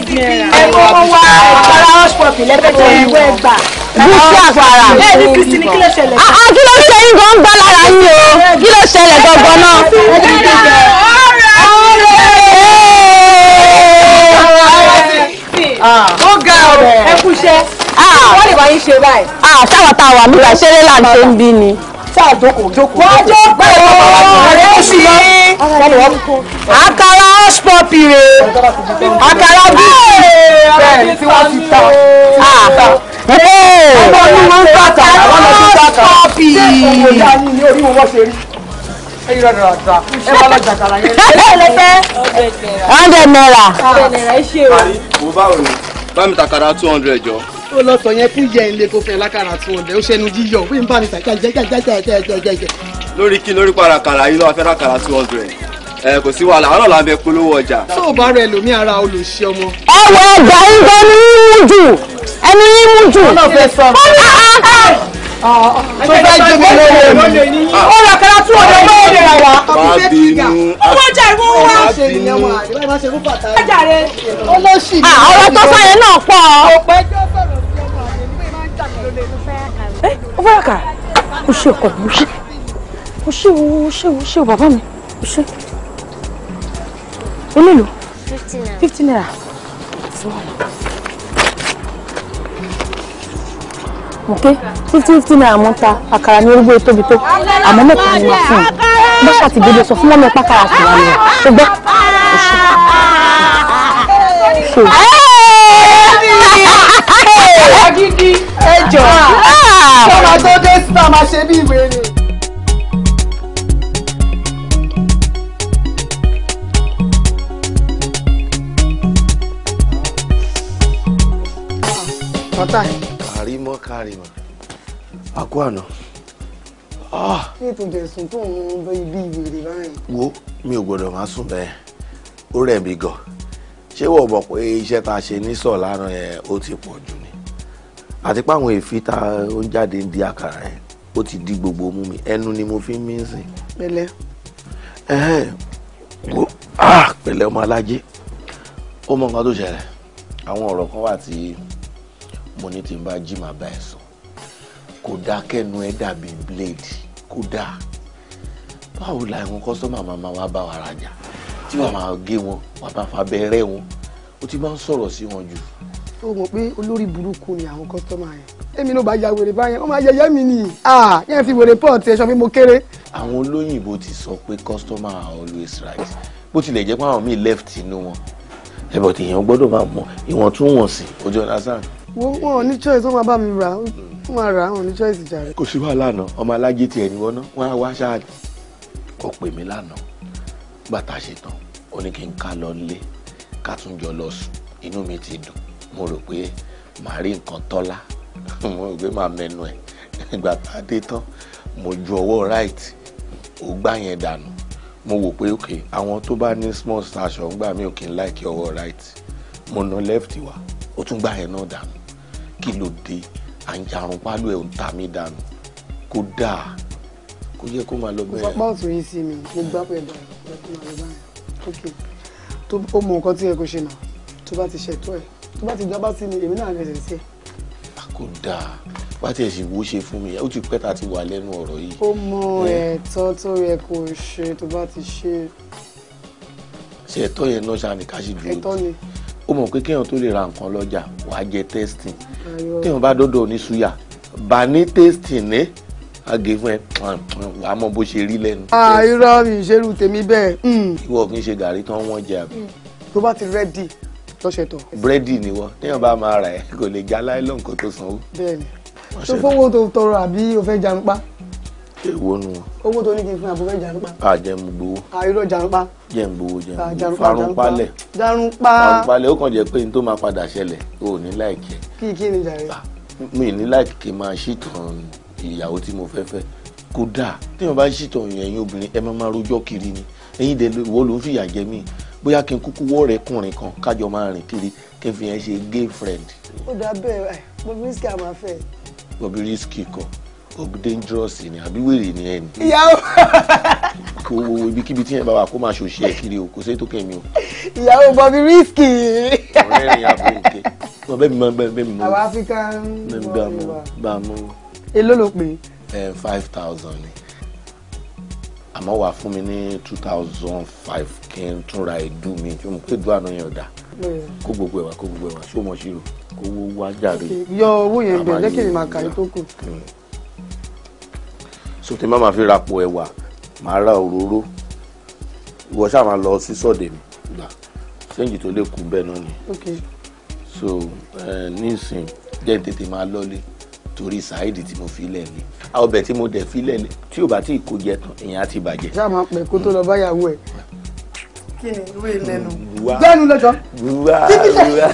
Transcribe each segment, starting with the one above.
ẹ̀kọ́ wa ẹ̀kọ́ra hospital lẹ́fẹ̀ẹ́ ẹ̀wọ́ ẹ̀gbà. Bùsí àfàrà. Bẹ́ẹ̀ ni Kristini kí ló ṣẹlẹ̀? Àá kí ló ṣe yín gan gbá lára yín o? Kí ló ṣẹlẹ̀ gangan náà? Ó ga ọ̀rọ̀ ẹ̀kúṣẹ́. Wọ́n lè bá yín ṣe báyìí. Ṣáwa tá a wà nígbà ṣeré là ń ṣe ń bí ni. Sáà jókòó jókòó. Wọ́n jókòó. Bẹ́ẹ̀ wọ́n wọ́n àkàrà ọ̀ṣpọ̀pì rè àkàrà bíi bẹ́ẹ̀ tí wọ́n ti ta ah. ọmọ ọdún máa ń tàkà àwọn ọmọ ọdún tàkà ọ̀ṣpọ̀pì. hundred naira. bá mi takara two hundred jọ ó lọ sọ yẹn kú yẹ ilé kó fẹ́ lákàrà tún ọ̀dẹ ó ṣẹnu yíyọ wí ń bá mi tà jẹjẹjẹjẹjẹjẹjẹjẹ. lórí kí lórí parakara yìí ló wá fẹ́ lákàrà tún ọ̀dẹ ẹ kò sí wàhálà àárọ̀ là ń bẹ polówó ọjà. tó o bá rẹ lómi ara olùṣe ọmọ. ẹ wọ ọgbà ń bọ ní mú jù ẹni ní mú jù. ọlọ́ fẹ́ sọ. tó bá jẹ mi lọ́wọ́ mi. ó rà kára tún ọ̀dẹ lọ́wọ́ mi rà wá. má bínú. owó ọjà ìwọ wa. má bínú. ọjà rẹ. olóṣì. ọ̀rọ̀ tó sọ yẹn náà pọ̀. ọ̀pẹ́ jọ́ sọ̀rọ̀ ó fẹ́ àkàrà ó ṣe ọkọ mi ó ṣe ó ṣe o ó ṣe o ṣe o bàbá mi ó ṣe o nílò fifteen naira ok fifteen fifteen naira mo ń ta àkàrà ní orúgbó tóbi tó àmọ́ mẹ́ta ni wà fún un bá ṣàtìgbélé sọ fún mọ́mí ẹ̀pá kára sí wa nìyẹn ó gbọ́ ó ṣe ó ṣe. ẹ jọ̀ọ́ tó máa tó dé síta máa ṣe bí ìwé ni. kọ́tà. kàrímọ́ kàrímọ́ àkó àná. Ah. kí ètò ìjẹ̀sùn tó ń lọ ibi ìwèrè báyìí. wo mi ò gbọdọ̀ máa sùn bẹ́ẹ̀ ó rẹ̀ mí gan ṣé wọ́n mọ̀ pé iṣẹ́ tá a ṣe ní sọ̀ lánàá yẹn ó ti pọ̀ jù àti pé àwọn èéfín tá ń di àkàrà yẹn ó ti di gbogbo mú mi ẹnu ni mo fi ń mí sìn. pẹ̀lẹ́. pẹ̀lẹ́ ọmọ alájẹ ó mọ nǹkan tó ṣẹlẹ̀ àwọn ọ̀rọ̀ kan wà tí mo ní tí n bá jí màá bá ẹ sùn kódà kẹnu ẹ dàbí blade kódà báwo la àwọn kọ́sọ́mà máa wá bá wa rajà tí wàá máa gé wọn wàá bá fa bẹ́ẹ̀rẹ́ wọn ó ti máa ń sọ̀rọ̀ sí wọn jù tó mọ̀ pé olórí burúkú ni àwọn kọ́sítọ́mà yẹn èmi ló bá ya wèrè báyẹn wọ́n máa yẹyẹ mi nìyí yẹn ti wèrè pọ́ọ̀tì ẹ̀ṣọ́ pé mo kéré. àwọn olóyìnbó ti sọ pé customer are always right bó tilẹ̀ jẹ́ pé àwọn míì left inú wọn ẹ̀bọ̀ tèèyàn gbọ́dọ̀ máa mọ ìwọ̀ntúnwọ̀nsì ojú ọ̀nà sáà. wọ́n ò ní choice wọ́n máa bá mi rà wọ́n máa rà wọ́n ò ní choice jàre. kò sí wàhálà náà ọmọ alájẹ tiẹ̀ ni wọ́n ná wọ́n á wá ṣáàdì kò pè mí lánàá gbàtà ṣetán ó lọ nílé ká tún jọ lọ sùn inú mi ti dùn mo rò pé màá rí nǹkan tọ́lá mo rò pé màá mẹ́nu ẹ̀ ìgbà tá a dé tán mo ju ọwọ́ right ó gbá yẹn dànù mo wò pé ok àwọn tó bá ní small station ń gbà mí ò kí n láìkí ọwọ́ right mo na left wa ó tún gbá yẹn náà dànù kí ló dé àjàrùn pálọ̀ ẹ̀ ń ta mí dànù kó dáa kó yẹ kó máa lọ bẹ́ẹ̀. mo fapá ọ̀tún yín sí mi mo gbá pẹ̀ dànù lọ́kùnrin àlọ́ báyìí ok tó o mọ nǹkan tí ẹ kò ṣe nà tó bá ti ṣètò ẹ̀ tó bá ti jọba sí mi èmi náà rẹ̀ ṣe. a kò dáa bá tiẹ̀ sì wo ṣe fún mi ó ti pẹ́ ta ti wà lẹ́nu ọ̀rọ̀ yìí. ó mọ ẹ̀tọ́ tó yẹ kó o ṣe tó bá ti ṣe. ṣe ẹ̀tọ́ yẹn náà ṣáà ní ká sì dúró. ẹ̀tọ́ ni. ó mọ̀ pé kéèyàn tó lè ra nǹkan lọ́jà wàá jẹ testing téèyàn bá dọ́dọ̀ ní suya bá ní testing ní àgè fún ẹ wàá mọ bó ṣe rí lẹ́nu. irọ́ mi ìṣerú tèmi bẹ́ẹ̀. Hmm. ìwọ kì í ṣe gàrí tán wọ́n jẹ àbí. Hmm. tó bá ti rẹ́dì lọ́sẹ̀ tó. búrẹ́dì ni wọ́n téèyàn bá máa rà ẹ́ kò lè já láìlọ́ nǹkan tó sanwó. bẹ́ẹ̀ni tó fowó tó tọrọ àbí o fẹ́ jàǹpá. èwo nu wọn. owó tó ní kí n fún àbò fẹ́ jàǹpá. a jẹ́ n gbowó. a irọ́ jàǹpá. jẹ́ n gbowó jẹ́ n gbowó farunpalẹ̀. jàǹpá. farunpalẹ̀ ó kàn jẹ́ pé n tó máa padà ṣẹlẹ̀ o ní láìkẹ́. kí kí ni jàre. Ah, mi ní láìkẹ́ máa ṣìtàn ìyàwó tí mo fẹ́ fẹ́ kódà téèyàn bá ṣìtàn ẹ̀yin obìnrin ẹ ni ẹ̀yin dẹ̀ wọ́n bóyá kí n kúkú wọ́ rẹ̀ kùnrin kan kájọ máa rìn kiri kí n fi yẹn ṣe gay friend. ó dà bẹ́ẹ̀ Bobrisky a máa fẹ́. Bobrisky kọ bob dangerous ni àbí wèrè ni ẹ ni. ìyàwó. kò wo ibikíbi tí yẹn bá wà kó máa ṣòṣì ẹ kiri o kò sí ètò kẹmi o. ìyàwó Bobrisky. ọ̀rẹ́ rìn àbúrò nìkẹ́ wọn bẹ́ẹ̀ mi mọ bẹ́ẹ̀ mi mọ. àwọn African. bẹ́ẹ̀ mi gbà mọ́ èló ló pè five thousand ni àmọ́ wàá fún mi ní two thousand five kí n túnra ìdú mi tí mo pé ìdú àná yẹn ọ̀dà hmm. kó gbogbo ẹ̀wà kó gbogbo ẹ̀wà ṣó mọ̀ ṣírò kó wó wá jàre. yọ owó yẹn bẹ̀ lẹ́kẹ̀lẹ́ máa kàrí tó kù. Hmm. so tí màmá fi rapò ẹ̀wà màá ra òróró ìwọ ṣáà máa lọ sí sọ́ọ̀dẹ̀ mi gbà sẹ́yìn tó lè kú bẹ́ẹ̀ náà ni so eh, nísìnyí jẹ́ tètè máa lọ́lé torí Saheed tí mo fi lẹ̀ ni ọbẹ̀ tí mo dẹ̀ fi lẹ̀ tí ò bá tí kò jẹ tán èèyàn á ti bàjẹ́. ṣáà máa pẹ kó tó lọ báyàwó ẹ kí ni ìwé ìlẹnu gbẹnu lọjọ. wúwá wúwá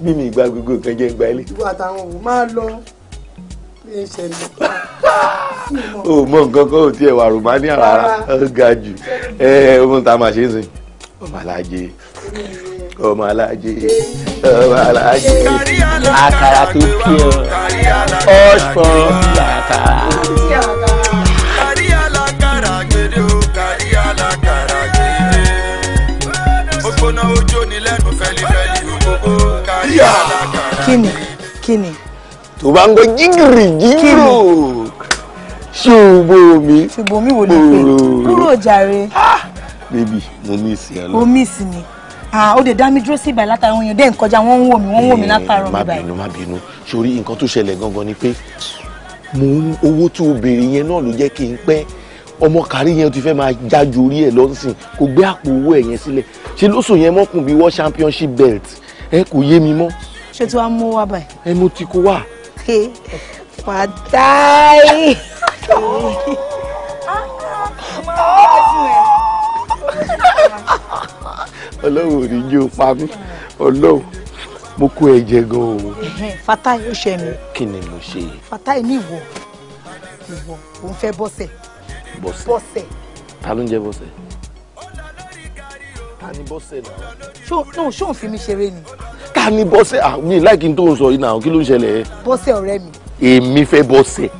mímì ìgbà gbogbo kan jẹ ìgbà ilé. ìwà àtàwọn òun máa lọ bí n ṣẹlẹ̀. o mọ nǹkan kan ò tiẹ̀ wà Romania rárá ó ga jù ẹ ohun tá a máa ṣe é sìn ọmọ ọmọ alájẹ ọmọ alájẹ àkàrà tó kí ọ ọ̀ṣọ́ làkàrà. kíni kíni. tó bá ń gbọ́ jígìrì jígìrì ṣùgbọ́n omi ṣùgbọ́n omi wò lè pè kúrò jàre. Ah! bébì mo mí ìsìn ẹ lọ. omi ìsìn ni. Ah, ó dẹ̀ dá mi dúró sí ìbàlẹ̀ látara wọn yẹn dẹ́ nkọjá wọ́n ń wò mí wọ́n ń wò mí eh, látara wọn báyìí. má bínú má bínú sórí nǹkan tó ṣẹlẹ̀ gangan ni pé mo ń owó tó o béèrè yẹn náà ló jẹ́ kí n pẹ́ ọmọ kárí yẹn ti fẹ́ máa jájú orí ẹ̀ lọ́sìn kò gbé àpò owó ẹ̀ yẹn sílẹ̀ ṣe lóṣù yẹn mọ́kùn bíi world championship belt ẹ kò yé mi mọ́. ṣé tí wàá mú wá báyìí. ẹ mo ti kó wá. pàtàkì. ọlọ́run ò ní jó pa mí ọlọ́run mo kó ẹ̀jẹ̀ gan o. Fatai ó ṣe mi. kí ni mo ṣe. Fatai ní ìwọ ìwọ òun fẹ́ bọ́sẹ̀. bọ́sẹ̀ bọ́sẹ̀. ta ló ń jẹ bọ́sẹ̀. ta ni bọ́sẹ̀ náà. ṣó ṣó ń fi mi ṣeré ni. ta ni bọ́sẹ̀ àwọn yìí láì n tó sọ yìí náà kí ló ń ṣẹlẹ̀. bọ́sẹ̀ ọ̀rẹ́ mi. èmi fẹ́ bọ́sẹ̀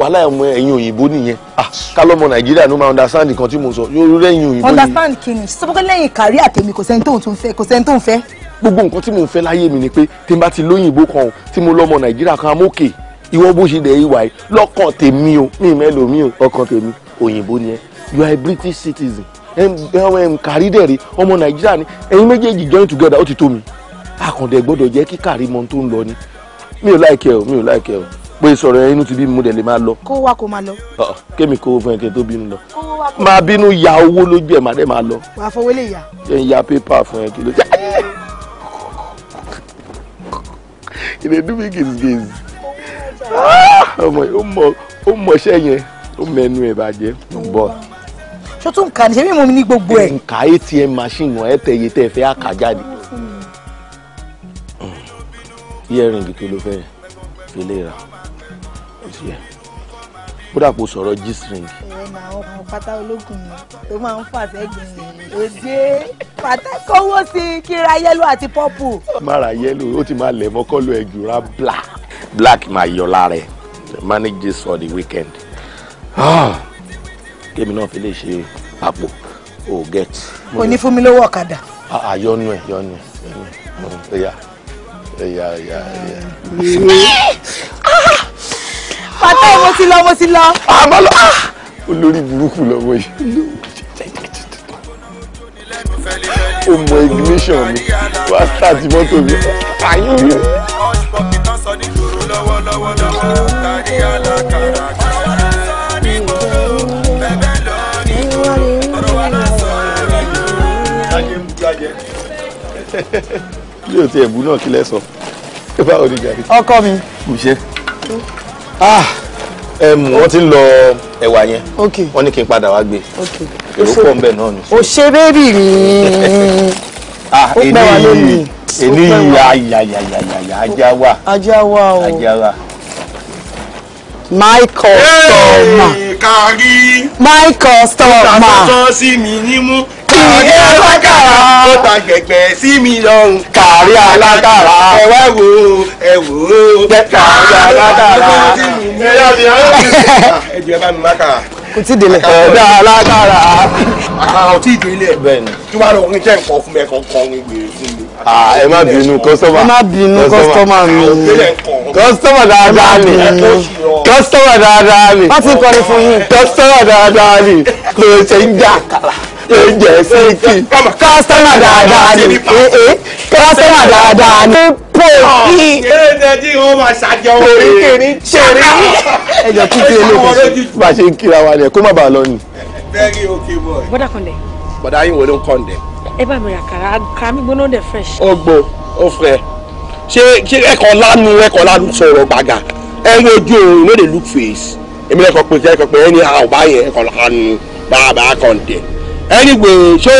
wàhálà ẹ̀mọ ẹ̀yin òyìnbó nìyẹn ah. kálọ́mọ nàìjíríà ló máa understand nǹkan tí mo sọ yóò lẹ́yìn òyìnbó yìí. understand kini sọ́kọ́ lẹ́yìn kárí àtẹ̀mí kò sẹ́ni tó ń fẹ́ kò sẹ́ni tó ń fẹ́. gbogbo nǹkan tí mo ń fẹ́ láyé mi ni pé tí n bá ti lóyìnbó kan o tí mo lọ́mọ nàìjíríà kan amókè ìwọ bó ṣe dẹ̀ ìwà yìí lọ́kàn tèmi o mi mẹ́lò mi o ọkàn tèmi òyìnbó ni you are a british citizen kárí dẹ̀ rí ọmọ nàìjíríà ni ẹ̀yin méjèèjì join together ó ti tó mi àkàndẹ̀ gbọ́dọ̀ jẹ́ kí kárí mọ tó ń lọ ni mi ò láìkẹ́ o mi ò láìkẹ́ o pé sọ̀rọ̀ yẹn inú ti bí mo dẹ̀ lè máa lọ. kó wá kó máa lọ. kémi kó fún ẹ kí n tó bínú lọ. máa bínú ya owó lójú ẹ̀ máa dẹ̀ máa lọ. wà á fọwọ́ lè yà. ṣé n ya pépà fún ẹ kí ló. ìrèdú mi gèzìgèzì. Ah, ọmọ ó mọ ó mọṣẹ́ yẹn ó mẹnu ẹ̀ bàjẹ́ ń bọ̀. ṣó tún kà ní ṣé mímú mi ní gbogbo ẹ̀. nǹka atm machine wọn ẹ tẹ iye tẹ fẹ́ àkà jáde. yẹ́rìn mm. kìkì ló fẹ́ fi lè rà tiẹ̀ kódà kò sọ̀rọ̀ g-string. ẹ na àwọn ọmọ pátá ológun ni tó máa ń fà sẹ́gbìn òde pàtẹ́kọ̀wọ́ sí kíra yẹ́lò àti pọ́pù. má ra yẹ́lò ó ti máa lẹ̀ mọ́kọ́lù ẹ̀jù ra black black máa yọ lára ẹ̀ manage this for the weekend. Ah, kémi náà fi lè ṣe àpò o get. kò ní fún mi lówó ọ̀kadà. àyọnu ah, ah, ẹ yọnu ẹ ẹyà ẹyà ẹyà pàtó mo ti lọ mo ti lọ. àmọ́ ah, lọ ah! olórí burúkú lọ́wọ́ yìí o mọ ignition mi wá start mọ́tò mi ayé mi. bí o ti ẹ̀bù náà kí lẹ sọ báwo ni gàrí. ọkọ mi. kò Ah, oh. wọ́n ti ń lọ ẹ̀wà yẹn wọ́n ní kí n padà wá gbé èrò pọ̀ ńbẹ̀ náà ni. òṣèrébì ni ah, ó pẹ́ wá lónìí. eléyìí ayayayaya ajá wa ajá wa o. Michael customer. kárí. my customer. ó ta sí mi nímú. kárí alágàrà. ó ta gẹ̀gẹ̀ sí mi lọ́rùn. kárí alágàrà. ẹ wá wò ẹ wò ó. kárí alágàrà. ẹ yá mi ẹ mi. ẹ jẹ́ bá mi má kàrà kò tí ì délẹ̀. ọ̀dà alágbára. àkàrà ò tí ì délẹ̀. bẹ́ẹ̀ni. tí wàá lọ orin jẹ́ nǹkan fún mi ẹ̀kan kan orin wèrè fún mi. ẹ má bínú kọ́sọ́mà. ẹ má bínú kọ́sọ́mà mi. kọ́sọ́mà dáadáa ni. kọ́sọ́mà dáadáa ni. wọ́n ti kọrin fún yín. kọ́sọ́mà dáadáa ni. kò ṣe ń dá àkàrà ẹ̀jẹ̀ síkì kọ́sítọ́mà dáadáa ni kọ́sítọ́mà dáadáa ni pòkì. ẹ̀jẹ̀ tí wọ́n máa ṣàjọ orí kìíní ṣeré. ẹ̀jẹ̀ títí eléyìí bá ṣe ń kíra wa rẹ̀ kó má bàa lọ nù. very okay boy. bọ́dà kọ́ndẹ̀. bọ́dà yín wo ló ń kọ́ndẹ̀. ẹ bá mi rà kàrà kàrà gbóná dẹ̀ fresh. ó gbó ó fẹ́ ṣé ẹ̀kọ́ lánú ẹ̀kọ́ lánú sọ̀rọ̀ gbàgà ẹ̀ ń wojú òun ló dé look face èmi lẹ́kọ̀ọ́ pé ẹ̀kọ́ pé ẹni àwọn báyẹn ẹ̀kọ́ lánú bàbá kọ́ndẹ̀ ẹni gbè ṣé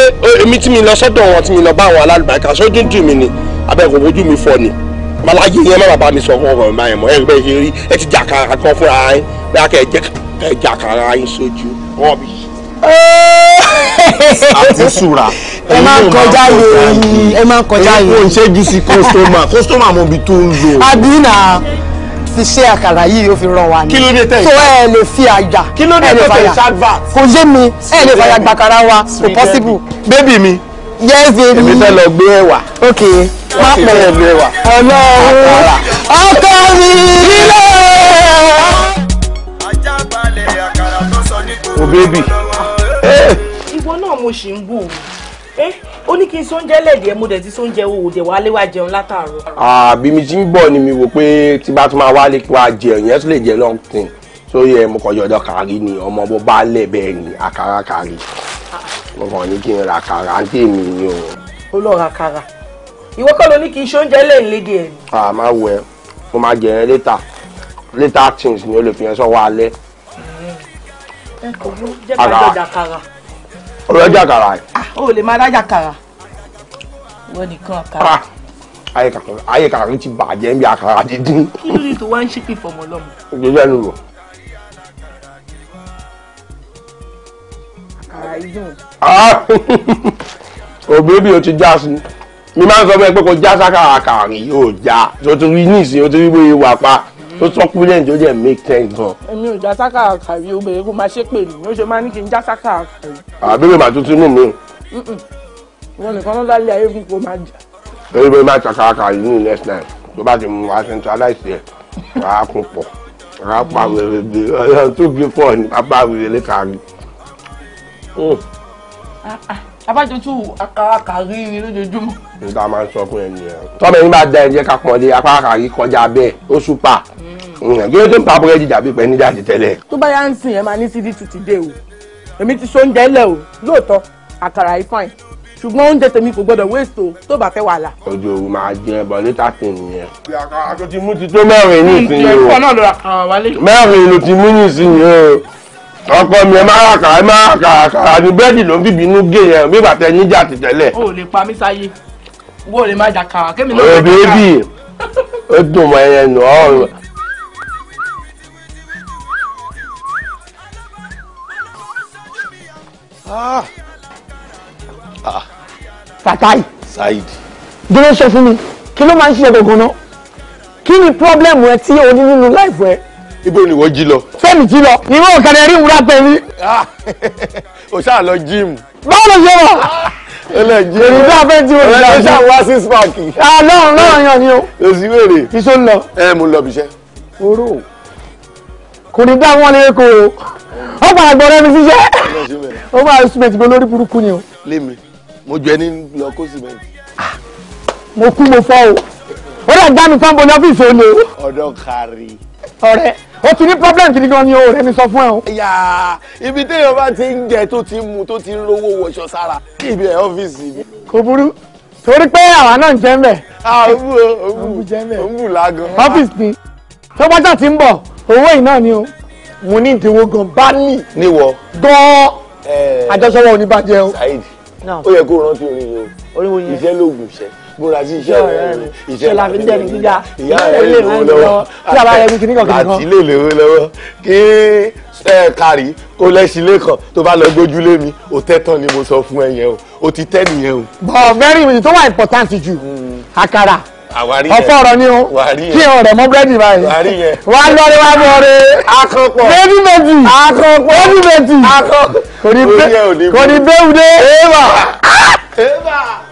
èmi tí mi lọ sọ́dọ̀ wọn tí mi lọ bá àwọn alálùbáríkà sójú jù mí ni abẹ́kọ̀ ojú mi fọ ni ọmọláyé yẹn má bàbá mi sọ fún ọkọ mi báyìí mọ ẹgbẹ́ ṣe rí ẹ ti jà kàrà kan fúnra yín bí a kẹ́ ẹ jà kàrà yín sójú wọn bí. àti sùrà ẹ máa ń kọjá yìí ẹ máa ń kọjá yìí. èyí kò ń ṣẹ́jú sí kọ́sítọ́mà kọ́sítọ́mà mọ̀ bí tó ń lò. àbí fi ṣe àkàrà yìí yóò fi ràn wá ni. kí ló dé tẹ̀ ìṣá. tó ẹ lè fi àjà. kí ló dé tẹ̀ ìṣá advert. kò yé mi ẹ lè fàyà gbàkàrà wa kò possible. bébì mi. yes baby. èmi fẹ́ lọ gbé ẹ̀wà. ok má pẹ̀lẹ́ ọlọ́run ọkọ mi nílẹ̀. o bébì. ìwọ náà mo ṣì ń wò ó eh, ó ní kí n sóúnjẹ lẹ́dí ẹ mo dẹ̀ ti sóúnjẹ o òdẹ̀ wá lé wá jẹun látàárọ̀. àbí mi ti ń bọ̀ ni mi wò pé tí bá tún máa wá lé kí wá jẹun yẹn tún lè jẹ long thing sórí ẹ mo kàn yọ̀dọ̀ kárí ni ọmọ bó bá lẹ̀ bẹ́ẹ̀ ni àkàrà kárí mo kàn ní kí n ra àkàrà ń tèmi ni o. ó lọ ra àkàrà ìwọ kọ́ ló ní kí n sóúnjẹ lẹ́yìn lédi ẹ̀. a máa wọ ẹ mo máa jẹ ẹ later later things ni o lè fi yẹn sọ wá alẹ́. ẹ kò mú jẹ́ ká jọ dàkàrà ọ̀rọ̀ ẹja kàrà. Ah, o ò lè máa rájà kàrà wọ́n nìkan kàrà. Ah, ayé kàrà ló ti bàjẹ́ ń bí àkàrà dídín. kí ló dé tó wá ń ṣépè fọmọ lọ́mọ. ìgbésẹ̀ ló wọ̀. àkàrà ìdùn. Ah, òbí bí o ti já sí mi máa ń sọ fún ẹ pé kò já sákàrà àkàrà yìí ò já tó ti rí ní ìsìn ó ti rí bóyá wà pa tó succulent ó jẹ́ make ten gan. èmi ò já sákà àkàrí obìnrin kó máa ṣe pè mí ó ṣe máa ní kí n já sákà àkàrí. àbẹ̀rẹ̀ màá tuntun nù mí. wọn nìkan ló lálẹ́ ayé fún kó máa jà. èyí bẹ́ẹ̀ máa ṣàkà àkàrí ní next time tó bá ti mú wa centralize yẹ wàá kún pọ̀ wàá pa wèrè bí ọ̀yọ́ tó gbé pọ̀ ní pápá wèrè lẹ́kàá rí. Mm. Ah, ah abájọ tún akárakàrí ni lójoojúmọ́. nígbà máa ń sọ fún ẹni ẹ tọ́mọ ẹni bá da ẹ̀jẹ̀ kakọ̀ọ́lé akárakàrí kọjá bẹ́ẹ̀ ó súpà hmm. Hmm. kí ló dé ń pa búrẹ́dì dàbí pẹ́ níjà ti tẹ́lẹ̀. tó bá yá ń sìn yẹn máa ní sídìí tù ti dé o èmi ti so oúnjẹ lẹ o lóòótọ́ àkàrà yìí fine ṣùgbọ́n oúnjẹ tèmi kò gbọ́dọ̀ waste o tó bá fẹ́ wàhálà. ojú òru máa jẹ ẹbọ níta sí nìyẹn. àjọ mú ti tó mẹ́rin ní ìsinyìí o mẹ́rin ló ti mú ní ìsinyìí o ọkọ mi ẹ máa kà ẹ máa kà kàrà ní búrẹ́dì ló ń bìbí inú gé yẹn bí bàtà ẹni jà ti tẹ́lẹ̀. o lè pa mí sáyé wo lè má jà kàrà kémi náà lè jà ó dùn mọ ẹyẹn nù ọ. Fatai. Saidi. dúró sọ fún mi kí ló máa ń ṣe gbọ̀ngàn náà kí ni pírọ́blẹ́mù ẹ tí o ní nínú láìpẹ́ ibo ni wọ́n jí lọ. fẹ́mi jí lọ ìwé òkàdé rí wúrà pẹ̀lú. o ṣáà lọ jíìmù. báwo ló ṣe wà. ẹlẹ́jì èrè a fẹ́ tí o ṣe àjẹ́. ẹlẹ́jì àwọn six pack. àlọ́ náà yàn ni o. èsì wèrè. iṣó ń lọ. ẹ mo lọ bìṣẹ́. oró kò ní dá wọn lé ko o ó padà gbọ́dọ̀ mi ṣiṣẹ́ ó máa sùmẹ̀tì mi olórí burúkú ni o. lémi mo jẹ ní lọ kó sìmẹ́ntì. mo kú mo fọ́ o ó dà gbá mi fáwọn ọ̀nà ọ́fíìsì òní o. ọ̀dọ́ kárí ọ̀rẹ́ o ti ní problem gidi gan ni o rẹ mi sọ fún ẹ o. ìyá ibi téèyàn bá ti ń jẹ tó ti ń mu tó ti ń rówó wọṣọ sára ibi ẹ ọ́fíìsì mi. kò burú torí pé àwa náà ń jẹ́ mbẹ̀. òǹbù òǹbù òǹbù lágan. ọ́fíìsì ni tó bá jà ti ń bọ̀ owó yìí náà ni o mo ní ìdíwọ́ gan bá nì. níwọ. gan eh, àjọṣọwọ́ oníbàjẹ́ o. Saheed ó yẹ kó rántí orin yìí o ìṣẹ́ lóògùn ìṣẹ́ múra sí iṣẹ́ rẹ iṣẹ́ la fi gíga ìyá rẹ lè lówó lọ́wọ́ tí a bá rẹ kíní kan kìnìkan àti lè lówó lọ́wọ́ kí kárí kó lẹ́sìn lẹ́kàn tó bá lọ gbójúlé mi ò tẹ́tàn ni mo sọ fún ẹ yẹn o ò ti tẹ́ nìyẹn o. bọ̀ very important tó wà important jù hmm. àkàrà ọ̀pọ̀ ọ̀rọ̀ ni o kí ọ̀rẹ́ mọ búrẹ́dì báyìí wà lọ́rẹ́ wà lọ́rẹ́ akọ̀pọ̀ méjì méjì akọ̀pọ̀ méjì méjì kò ní bẹ́ẹ̀ dé.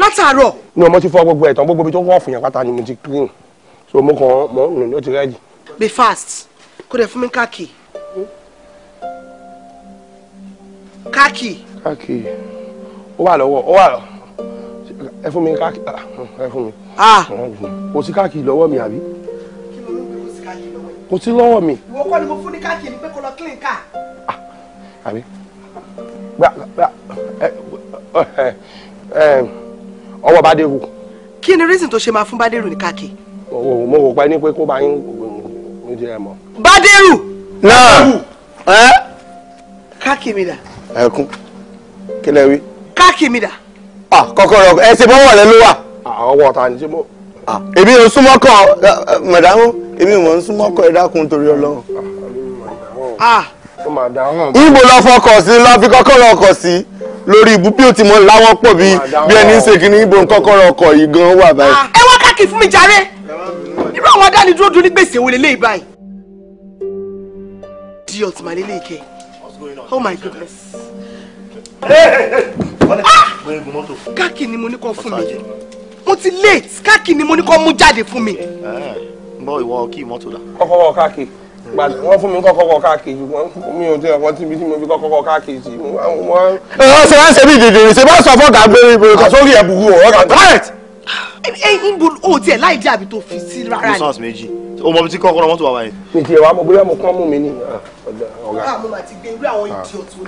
látàárọ̀. ní ọmọ ti fọ gbogbo ẹ̀tàn gbogbo ibi tó wọ̀ fún yàn pátá ni mo ti clean so mo kàn mọ́ nù ní ó ti rẹ́ẹ̀dì. be fast kó dẹ̀ fún mi káàkì. káàkì. káàkì ó wà lọ́wọ́ ó wà lọ ẹ fún mi káàkì ah, ah. ẹ fún mi. kò sí káàkì lọ́wọ́ mi àbí. kò sí lọ́wọ́ mi. ìwọ kọ́ ni mo fún ní káàkì ni pé kó lọ clean ká. Ah, àbí gbà gbà ẹ ẹ. ọwọ́ bádérù. kí ni reason tó ṣe máa fún bádérù ní káàkiri. mo rò pé ní pé kó bá yín ní ti mọ. bádérù. náà mi dà. ẹkún kí lẹ mi dà. ẹ ṣe rẹ ló ni èmi ò súnmọ́ mẹ̀dáhùn èmi ò lọ sí lọ fi lórí ibú bí o ti mọ láwọn pọ̀ bí bí ẹni ń ṣe kíní ibo kọ́kọ́rọ́ ọkọ̀ yìí gan wà báyìí. Ah, ẹ wá káàkiri fún mi jàre irú àwọn adánidúró dún ní gbèsè wo lélẹ́yìí báyìí. di ọ̀tùmá lélẹ́yìí kẹ́ oh my goodness. Ah! káàkiri ni mo ní kọ́ fún mi mo ti late káàkiri ni mo ní kọ́ mú jáde fún mi. gbọ́ eh, ìwọ kí mọ́tò dà. ọkọ̀ káàkiri wọ́n fún mi kọ́kọ́kọ́ káàkiri wọn mi ò tẹ ọkọ tíbi tí mo fi kọ́kọ́kọ́ káàkiri wọn. ọ̀rọ̀ ṣe wá ń ṣe bí dèdèrè ṣe bá sọ fọ́ọ̀gà gbére gbére kan sórí ẹ̀ bùkún ọ̀rọ̀ kan. right. ẹ ẹ ibo o tiẹ̀ láì jẹ́ àbí tó fi sí rárá ni. sọ́ọ̀sì méjì o mọ̀ bí tí kọ́kọ́rọ́ mọ́tò bàbá yẹn. mi ẹ̀ wá mọ̀ bóyá mo kán mú mi ní ah, ọ̀gá. Ah, mo máa ti gbé irú àwọn ìdí ọ̀tún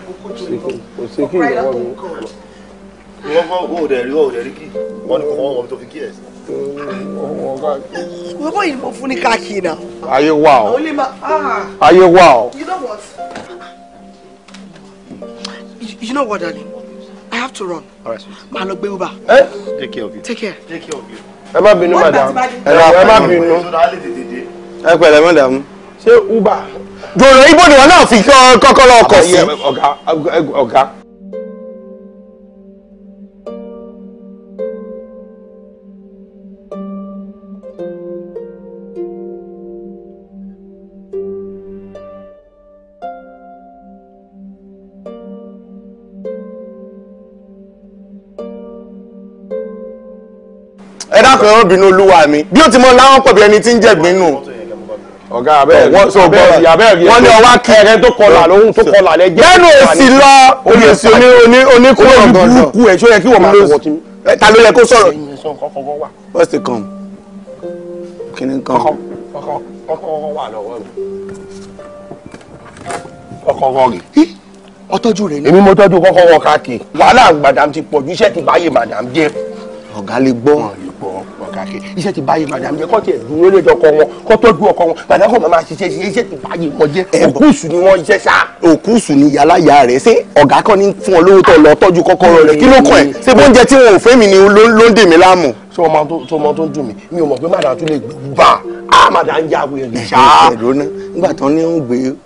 olùkójó We're going for funny khaki now. Are you wow? Only ma ah. Are you wow? You know what? You, you know what, darling? I have to run. All right, sweet. Ma Eh? Take care of you. Take care. Take care of you. Ẹ má bínú madam. Ẹ má bínú. Ẹ pẹ̀lẹ́ madam. Say Uber? Jọ̀rọ̀ ibo ni wọn náà fi kọ́kọ́rọ́ ọkọ̀ sí. Ọ̀gá ọ̀gá. ẹ dákun ẹ̀rọ bínú olúwa mi bí ó ti mọ láwọn pọ̀ ẹni tí ń jẹ̀gbín nù ọ̀gá abẹ́rẹ́ wọ́n ní ọwá kí tó kọlà lóhun tó kọlà lẹ́jẹ́ lẹ́nu òsì lọ olùsì oníkóró burúkú ẹ̀ ṣó yẹ kí wọ́n máa sọ̀rọ̀ tí ta ló yẹ kó sọ̀rọ̀ first come kíní kan. kọ́kọ́rọ́ rẹ̀ ọtọ́jú rẹ̀ ni. èmi mo tọ́jú kọ́kọ́rọ́ káàkiri wàhálà madam ti pọ̀jù iṣẹ́ ti báyé madam jẹ́. ọ̀gá lè gbọ́ káàkiri iṣẹ́ ti báyìí madam jẹ́ kọ́ tiẹ̀ dúró lé ọkọ wọn kọ́ tó du ọkọ wọn madam kò máa ṣiṣẹ́ ṣe iṣẹ́ ti báyìí wọn jẹ́ òkúùsù ni wọ́n jẹ́ sá. òkúùsù ni yàrá ìyá rẹ̀ ṣé ọ̀gá kan ní fún ọ lówó tó lọ tọ́jú kọ́kọ́rọ́ rẹ̀ kí ló kọ́ ẹ̀ mm. ṣé bóúnjẹ tí wọn ò fẹ́ mi ni ló ń dè mí láàmú tó ọmọ tó tó ọmọ tó ń dùn mí mi ò mọ̀ pé màdà tó lè gbé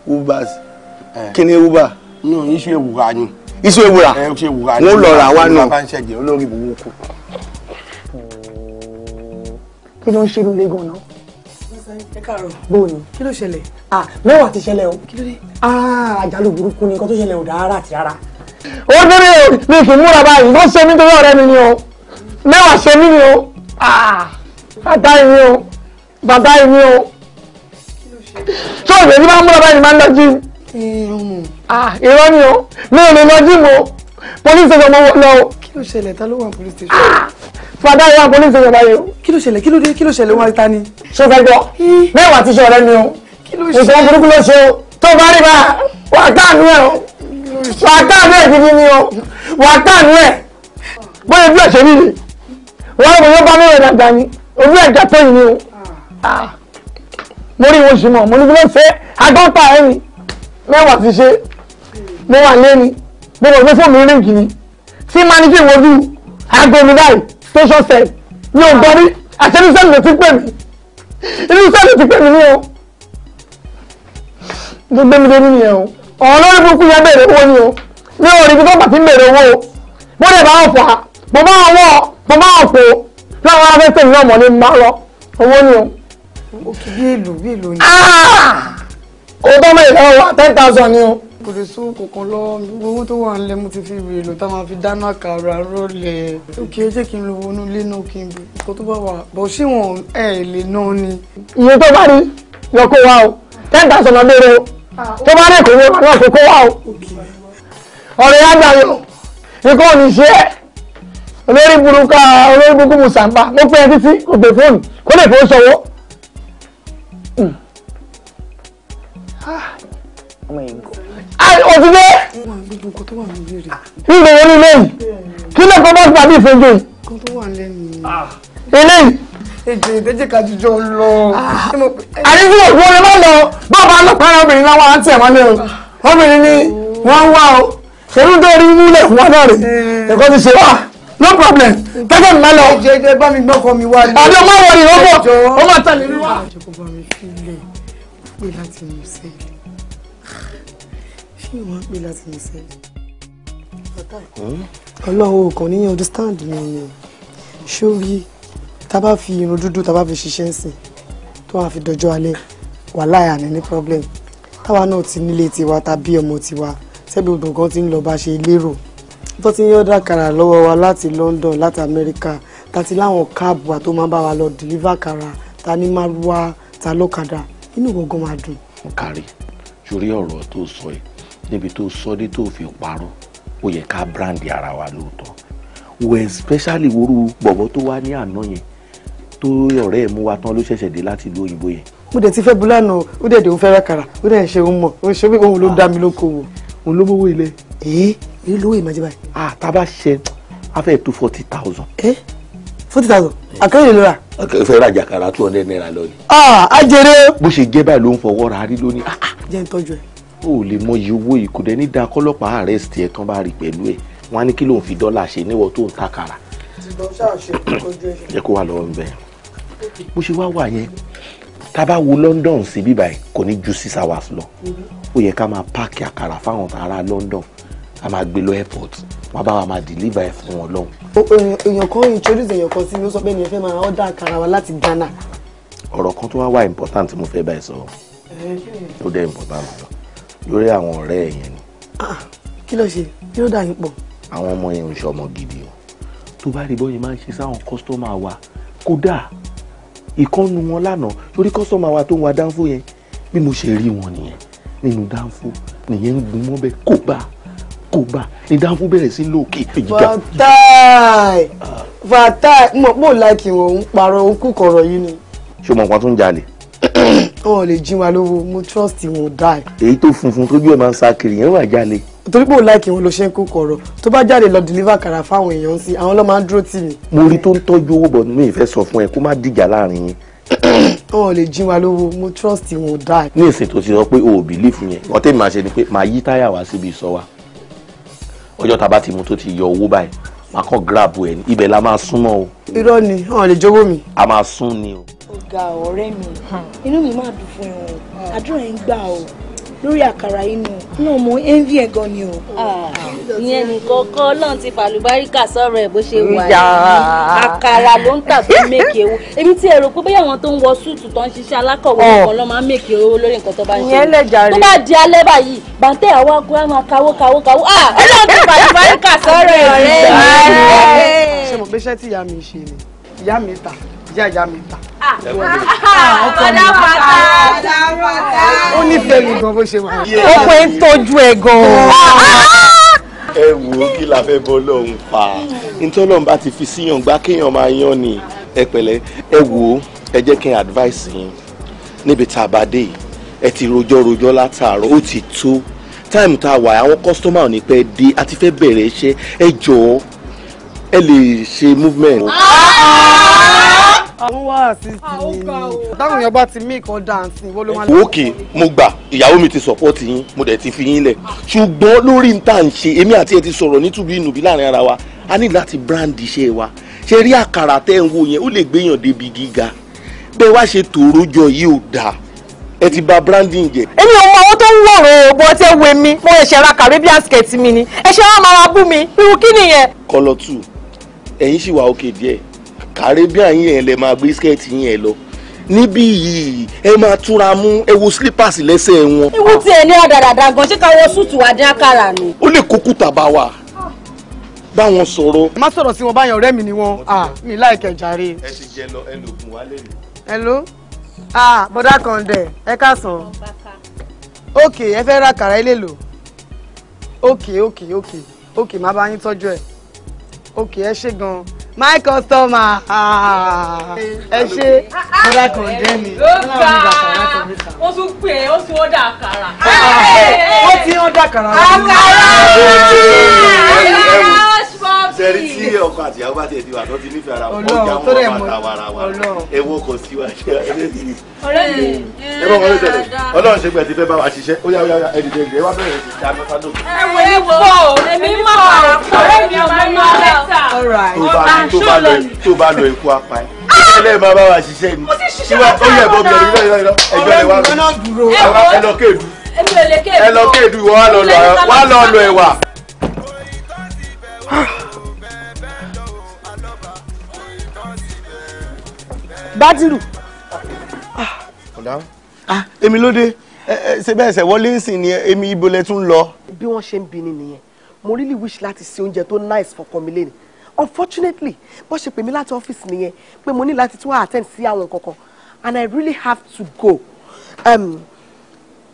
uber á ni uber. nù wa nù kí ló ń ṣe nílé gan-an. ẹ káàárọ̀. bóò kí ló ṣẹlẹ̀. ah mẹ́wàá ti ṣẹlẹ̀ o. kí ló dé. ah àjálù burúkú ni nǹkan tó ṣẹlẹ̀ ò dára àti rárá. ó dúró mi kì í múra báyìí ló ṣe nítorí ọ̀rẹ́ mi ni o mẹ́wàá ṣe mí ni o ah bàbá yìí ni o bàbá yìí ni o. tó ìwé ní máa ń múra báyìí máa ń lọ jí. ah irọ́ ni o mi ò lè lọ jí mo police station mo wọ lọ o. kí ló ṣẹlẹ̀ ta ló wà police station padà ìyá police station báyìí o. kí ló ṣẹlẹ̀ kí ló dé kí ló ṣẹlẹ̀ wọn ta ni. ṣó fẹ́ gbọ́ mẹ́wàá ti ṣe ọ̀rẹ́ mi o ìṣòro burúkú ló ṣe o tó bá rí bá wà á tàánú ẹ o wà á tàánú ẹ gidi ni o wà á tàánú ẹ bóyá ojú ẹ̀ ṣe níyì wọ́n rò wọ́n bá mẹ́wàá dàgbà ni ojú ẹ̀ jẹ́ o mo rí ìwọ̀n ṣì ní kí ló mi mẹ́wàá ti ṣe mẹ́wàá lé ni gbogbo ìgbésẹ̀ wojú aago mi báyìí station step mi ò gbọ́ rí àṣẹ ní sẹ́ẹ̀lì ló ti pè mí inú sẹ́ẹ̀lì ti pè mí ní o tó gbé mi dé nínú yẹn o ọ̀rọ̀ lórí burúkú yẹn béèrè owó ni o mi ò rí ibi tó bàtí ń béèrè owó o mo lè bá wọn fà á mo bá wọn wọ mo bá wọn pò ó láwọn afẹ́fẹ́ mi náà mọ̀ ní má lọ owó ni o. òkè bí èlò bí èlò yẹn. ó tọ́ mọ̀ ìlọ́wọ́ ten thousand ni o kò lè sówó kankan lọ́wọ́ mi gbogbo owó tó wà nílẹ̀ mo ti fi rè lò tá a máa fi dáná àkàrà rọlẹ̀ òkè ẹ jẹ́ kí n lo wọnú ilé náà kí n bè nǹkan tó bá wà bọ̀ ṣé wọn ẹ̀ lè ná ni. iye tó bá rí yọ kó wá o ten thousand ọlọ́rọ̀ o ah, tó bá rí ìkòwé wa náà kó kó wá o. ọ̀rẹ́ yàgbà yọ ikú ò ní ṣe é olórí burúkú olórí burúkú musamba mo pẹ́ ẹ títí kò pè fóònù kó lè fowó sọ̀wọ́. Oh my òtítẹ́. gbogbo nǹkan tó wà ní ilé rẹ̀. nígbà wo ni lẹ́yìn kí ló kọ́ bá pàdé ìfẹ́jọ́ yìí. nǹkan tó wà lẹ́yìn. eléyìí. Ah. èjì ìdẹ́jẹ́ ká jíjọ lọ. àdéhùn òkú ọ̀rẹ́ máa lọ bàbá ọlọ́pàá obìnrin láwọn àǹtí ẹ̀ mọ́lẹ́ o obìnrin ni wọ́n ń wá o ṣèlú tó rí múlẹ̀ fún wa náà rè eh. ẹ̀kọ́ ti ṣe wá no problem tẹ́tẹ́ mi máa lọ. ẹ jẹ ẹ bá mi gbọ́kọ mi wá. àbí ọmọ wọlé lọ́bọ̀ ọmọ àtàlẹ́ mi wá. ìjọba mi fi lẹ̀ pé láti mú sẹ́yìn kí ni wọ́n ń pè láti yìí sẹ́yìn. Hm? ọlọ́run kan níyẹn understand mi ni sórí tá a bá fi irun dúdú tá a bá fi ṣiṣẹ́ sìn tó wàá fi dọjọ́ alẹ́ wàhálà àní ní problem táwa náà ti nílé tiwa tàbí ọmọ tiwa sẹ́bi gbọ̀ngàn ti ń lọ bá ṣe lérò tó ti ń yọ̀dà kàrà lọ́wọ́ wa láti London láti America. tàti láwọn káàbù àti tó máa bá wa lọ dìlívà kàrà ta ní márùwá ta lọ́kadà inú gbọ̀ngàn máa dùn. kárí sórí ọ̀rọ̀ tó sọ yìí níbi tó sọdí tó fi parọ́ ó yẹ ká bíráǹdì ara wa lóòótọ́ wẹ̀ especially wóru bọ̀bọ̀ tó wá ní àná yẹn tó ọ̀rẹ́ ẹ̀ mú wa tán ló ṣẹ̀ṣẹ̀ dé láti ìlú òyìnbó yẹn. mo dẹ̀ ti fẹ́ bu lánàá ó dẹ̀ dé òun fẹ́rẹ́ kàrà ó dẹ̀ ṣe òun mọ̀ ó ah. eh? ah, ṣe a ta tó forty thousand. ẹ eh? forty thousand àkàrà ìlú rà. fẹ́ ra jàkàrà two hundred naira lọ ni. a ah, jèrè. bó ṣe jẹ́ báyìí ló ń fọwọ́ ra rí lónìí. jẹ́ ń tọ́jú ẹ̀ o ò lè mọyì owó yìí kò dẹ̀ ní da kọ́lọ́pàá arrest ẹ̀ tán bá rí pẹ̀lú ẹ̀ wọ́n á ní kí ló ń fi dọ́là ṣe níwọ̀ tó ń takara. ẹ kó wa lọ bẹ bó ṣe wá wà yẹn tá a bá wo London sí bíbá ẹ kò ní ju six hours lọ ó yẹ ká máa páàkì àkàrà fáwọn ará London a máa gbé lọ airport wọn bá wa máa deliver ẹ fún wọn lọ́hùn. èèyàn kan introduce èèyàn kan sí mi ó sọ pé ènìyàn fẹ́ máa order àkàrà wa láti Ghana. ọ̀rọ̀ kan tó wá wà important mo fẹ́ bá ẹ sọ ó dẹ̀ important lọ lórí àwọn ọ̀rẹ́ ẹ̀ yẹn ni. Ah, kí ló ṣe kí ló dà yín pọ̀. àwọn ọmọ yẹn ń ṣọmọ gidi o tó bá rí bọ́yìí máa ń ṣe sáwọn kọ́sítọ́mà wa kódà ìkànnù wọn lánàá lórí kọ́sítọ́mà wa tó ń wa dánfó yẹn bí mo ṣe rí wọn nìyẹn nínú dánfó nìyẹn ń gun mọ́ bẹ́ẹ̀ kó bá kó bá ní dánfó bẹ̀rẹ̀ sí lóòkè fatai ah. fatai mo pò láìkì wọn ń parọ́ okú kọ̀rọ̀ yìí ni. ṣé o mọ̀ nǹkan tó ń jalè wọn lè jí wa lówó mo trust wọn die. èyí tó funfun tójú ẹ máa ń sa kiri yẹn wà jalè. torí pé òun láìkì wọn ló ṣe ń kó kọ̀rọ̀ tó bá jáde lọ deliver kàrà fáwọn èèyàn sí àwọn ló máa ń dúró tì mí. mo rí tó ń tọ́jú owó bọ̀ mi ìfẹ́ sọ fún ẹ kó má dìjà láàrin yín. wọn lè jí wa lówó mo trust wọn die. ní ìsìn tó ti sọ pé o ò believe yẹn ọtẹ́ mi máa ṣe ni pé màá yí táyà wá síbi ìsọ wa ọjọ́ tá a bá ti mu tó ti yọ owó báyìí màá kàn grab ẹ̀ ibẹ̀ la máa súnmọ́ o. irọ́ ni wọn lè jówó mi. a máa sún ni o ga ọ̀rẹ́ mi hmm. inú mi máa dùn fún ẹ̀wọ̀n àdúrà ẹ̀ ń gbà o lórí àkàrà inú náà mo envy ẹ̀ gan ni o. Ah, ìyẹn nìkan kọ́ ọlọ́run ti pàlùbáríkà sọ̀rọ̀ ẹ̀ bó ṣe wà yìí àkàrà ló ń tà tó mèkì owó èmi tí èrò pé bóyá àwọn tó ń wọ súùtù tó ń ṣiṣẹ́ alákọ̀wé nìkan ló máa ń mèkì owó lórí nǹkan tó bá ń ṣe ìyẹn lẹ́jà rẹ̀ tó bá di alẹ́ báyìí bàtẹ́ àwa kó máa kawó kawó kawó ah, ọlọ́run ti pàlùbáríkà sọ̀rọ̀ ẹ̀ ọ̀rẹ́ mi. ṣé mo ah. gbéṣẹ́ tí ìyá mi ṣe ni ìyá mi ta ìyá ìyá mi ta. Bàdá pàtà. Ó nífẹ̀ẹ́ mi gan bó ṣe wà. Ó pé ń tọ́jú ẹ gan. Ah, ah, ah. Ẹ wo kí la fẹ́ bọ́ lọ́hùn pa. Ntọ́lọ́hún bá ti fi síyàn gbá kéèyàn máa yán ni. Ẹ pẹ̀lẹ́ ẹ wo ẹ jẹ́ kí n advice yín níbi tá a bá dé yìí ẹ ti rojọ́ rojọ́ látàárọ̀ ó ti tó táìmù tá a wà àwọn kọ́sítọ́mà ò ní pẹ́ dé a ti fẹ́ bẹ̀rẹ̀ iṣẹ́ ẹ jọ̀ọ́ ẹ lè ṣe movement àwọn wá àsìsì ni ah, táwọn èèyàn bá ti mí kan dáǹsì ìwọ ló máa. òkè mo gbà ìyàwó mi ti sọpọ́ọ̀tì yín mo dẹ̀ ti fi yín lẹ̀ ṣùgbọ́n lórí n tá à ń ṣe èmi àti ẹ ti sọ̀rọ̀ nítubí ìnùbí láàrin ara wa a ní láti brand iṣẹ́ wa ṣe rí àkàrà tẹ́ ń wo yẹn ó lè gbéyàn débi gíga bẹ́ẹ̀ wá ṣe tòró jọ yìí ò dáa ẹ ti bà branding jẹ́. èmi ò mọ àwọn tó ń wọ̀rọ̀ òbọ̀ tẹ́ wé mi mo ẹ̀ṣẹ̀ ra caribbean skirt mi ni ẹ̀ṣẹ̀ wa máa wá bú mi irú kí nìyẹn. kọlọ tù ẹ̀yin sì wà òkè díẹ̀ caribbean yẹn lẹ máa gbé skẹ́ẹ̀tì yẹn lọ níbí yìí ẹ máa túra mú ẹ wo slippers lẹ́sẹ̀ wọn. ewu tiẹ̀ ní àdàdàdà gan ṣé ká wọ súùtù wá dín àkàrà ni. ó lè kókú tàbá wa bá wọn sọ̀rọ̀. má sọ̀rọ̀ sí wọn báyọ̀ ọ̀rẹ́ mi ni wọn ah, mi láìkẹ́ jàre. ẹ ti jẹ lọ ẹ lò fún wa lẹ́nu. ẹ ló bọ́dà kan dẹ̀ ẹ ká sàn. ok ẹ fẹ́ ra kàrà ilé lò ok ok ok ok má bá yín tọ́jú ẹ ok ẹ ṣé gan-an my customer ah. ẹ ṣe ọ̀dà kan jẹ́ mi ó tún pè é ó tún ọ̀dà àkàrà. Ah. ó ti ọ̀dà àkàrà. àkàrà sẹ́rí tí ọkọ àti ìyàwó bá ti ẹ̀dí wa tó ti nífẹ̀ẹ́ ara wọn ọjà wọn bá ta wàrà wa ẹ̀wọ̀n kò sí wa ṣe ẹlẹ́dì ni. ẹ̀wọ̀n kan ló tẹ̀lé ọlọ́run ṣe gbẹ̀dí fẹ́ bá wa ṣiṣẹ́ ó yá ó yá ẹ̀dì dẹ̀dẹ̀ wá bẹ̀rẹ̀ sí ṣe àmọ́sádò. ẹ̀wọ̀n mi pọ̀ èmi máa ọ̀rẹ́ mi tó bá lọ tó bá lọ ikú apá ah! ẹ ilé ma bá wa ṣiṣẹ́ ni ṣé wàá ó yẹ bọ́ọ̀bù ẹ̀rí lọ́yọ̀ lọ́yọ̀ ẹjọ́ ẹ wá mi kéèdù ẹ kéèdù ìwọ lọ lọ wá lọ lọ ẹwà. bátìrù. Ah. èmi ló dé ṣe bẹ́ẹ̀ ṣẹ̀ wọlé ń sìn ni èmi ibo tún lọ. bí wọ́n ṣe ń bi ni nìyẹn mo really wish láti ṣe oúnjẹ tó nice fọkàn mi lẹ́nu unfortunately bó ṣe pè mí láti ọ́fíìsì nìyẹn pé mo ní láti tún attend sí àwọn kankan and i really have to go um,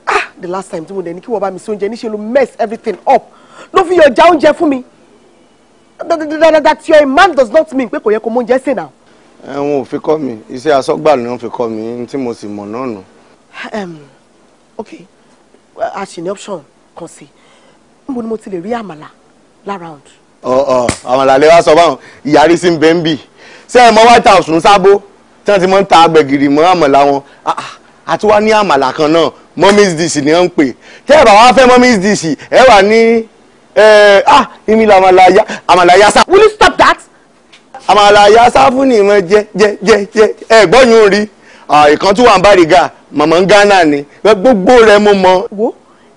ah the last time tí mo dẹ̀ ní kí wọ́n bá mi sí oúnjẹ níṣẹ́ ló mess everything up ló fi yọjà oúnjẹ fún mi that your man does not mean pé kò yẹ kó mọ oúnjẹ sè náà. ẹ̀wọ̀n ò fi kọ́ mi iṣẹ́ asọ́gbà ni wọ́n fi kọ́ mi tí mo sì mọ̀ náà nù. Um, ok a ṣì ní option kan sí i níbo ni mo ti lè rí àmàlà lára ọ̀dùn ọ̀ọ̀ àwọn àlàlẹ́ wa sọ báwọn ìyàrí sí ń bẹ́ ń bì ṣé ẹ mọ white house ń sábó tí wọ́n ti mọ́ ń ta agbẹ̀gìrì mọ́ àmàlà wọn àti ah, ah, ní àmàlà kan náà mommy's dish ni wọ́n ń pè tẹ́ ẹ bá wá fẹ́ mommy's dish ẹ wà ní ah èmi la àmàlà ya àmàlà ya sá. will you stop that. àmàlà ya sá fún ni mo jẹ jẹ jẹ jẹ ẹ gbọ́yún rí ah, ìkan tí wà ń bá rí ga màmá ń gánà ni gbogbo rẹ mo mọ. wo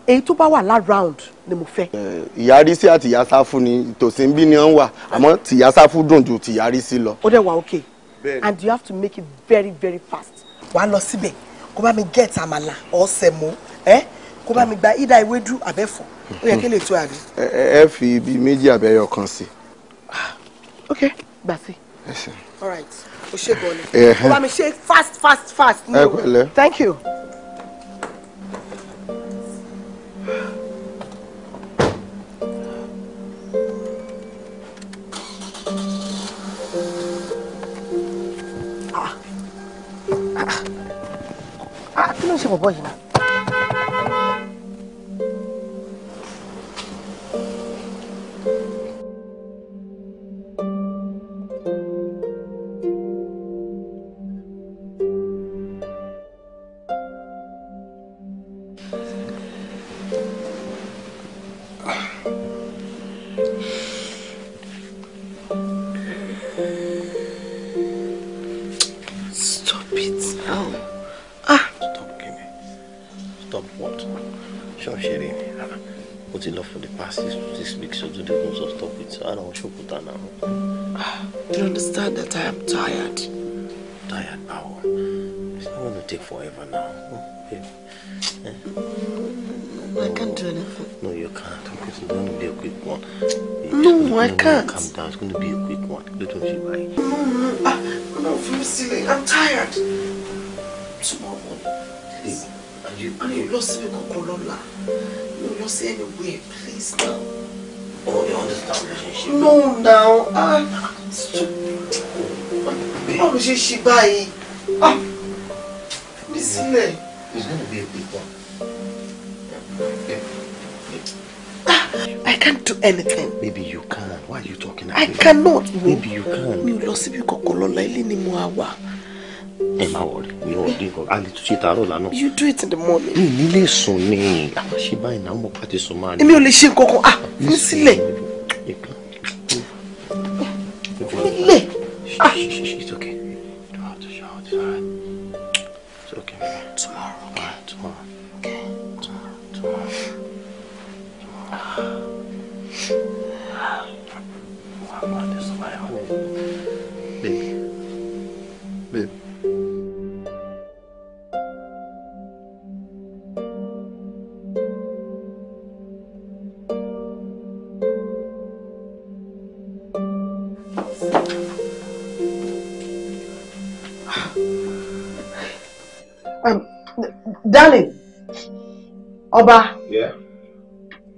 èyí tó bá wà láround ni mo fẹ́. Eh, ìyárísí àti ìyásáfù ni tòsí ń bí ni wọ́n wà àmọ́ tìyásáfù dùn ju tìyárísí lọ. ó dẹ̀ wà okay and you have to make it very very fast. wà á lọ síbẹ̀ kó bá mi get àmàlà ọ̀sẹ̀ mọ́ ẹ́ kó bá mi gba ìdá ewédú àbẹ́fọ̀ ó yẹ kí lè tó àrí. ẹ fi ibi méjì àbẹ́yọ kan sí. ok gbà sí. all right o ṣe bọ̀ ni eh, kó bá mi ṣe fast fast fast. ẹ pẹ̀lẹ́ thank you. 아 아, 아, 아, 끊으시고 보시나. stop what Sure, rẹ̀ ah, mo ti lọ for the past six, six weeks so today mo sọ stop it ara ah, wọn ṣòkò tán náà. Ah, you understand that I am tired. tired báwo it's not going to take forever now. Oh, babe. Eh? I can't do anything. No, you can't. It's not going to be a quick one. no, I can't. Calm down. It's going to be a quick one. You don't see why. No, no, ah, no, I'm feeling silly. I'm tired. Tomorrow mi ò lọ síbi kankan lọ́la mi ò lọ anywhere please now. oh you understand relationship. no now ah báwo ló ṣe buy. báyìí ah mi sílẹ̀. it's gonna be a big one. Ah. I can't do anything. Maybe you can. Why are you talking like I cannot. Maybe you can. Mi ò lọ síbi kankan lọ́la ilé ni mo ẹ máa wọrí mi ò kan a lè tún ṣe tààrọ̀ lánàá. you do it in the morning. mi nílé sùn ni àwọn ṣe báyìí náà mo bá ti sùn máa ní. èmi ò lè ṣe nǹkan ah mi sílẹ̀. mi sílẹ̀ ah. Oba. Yeah.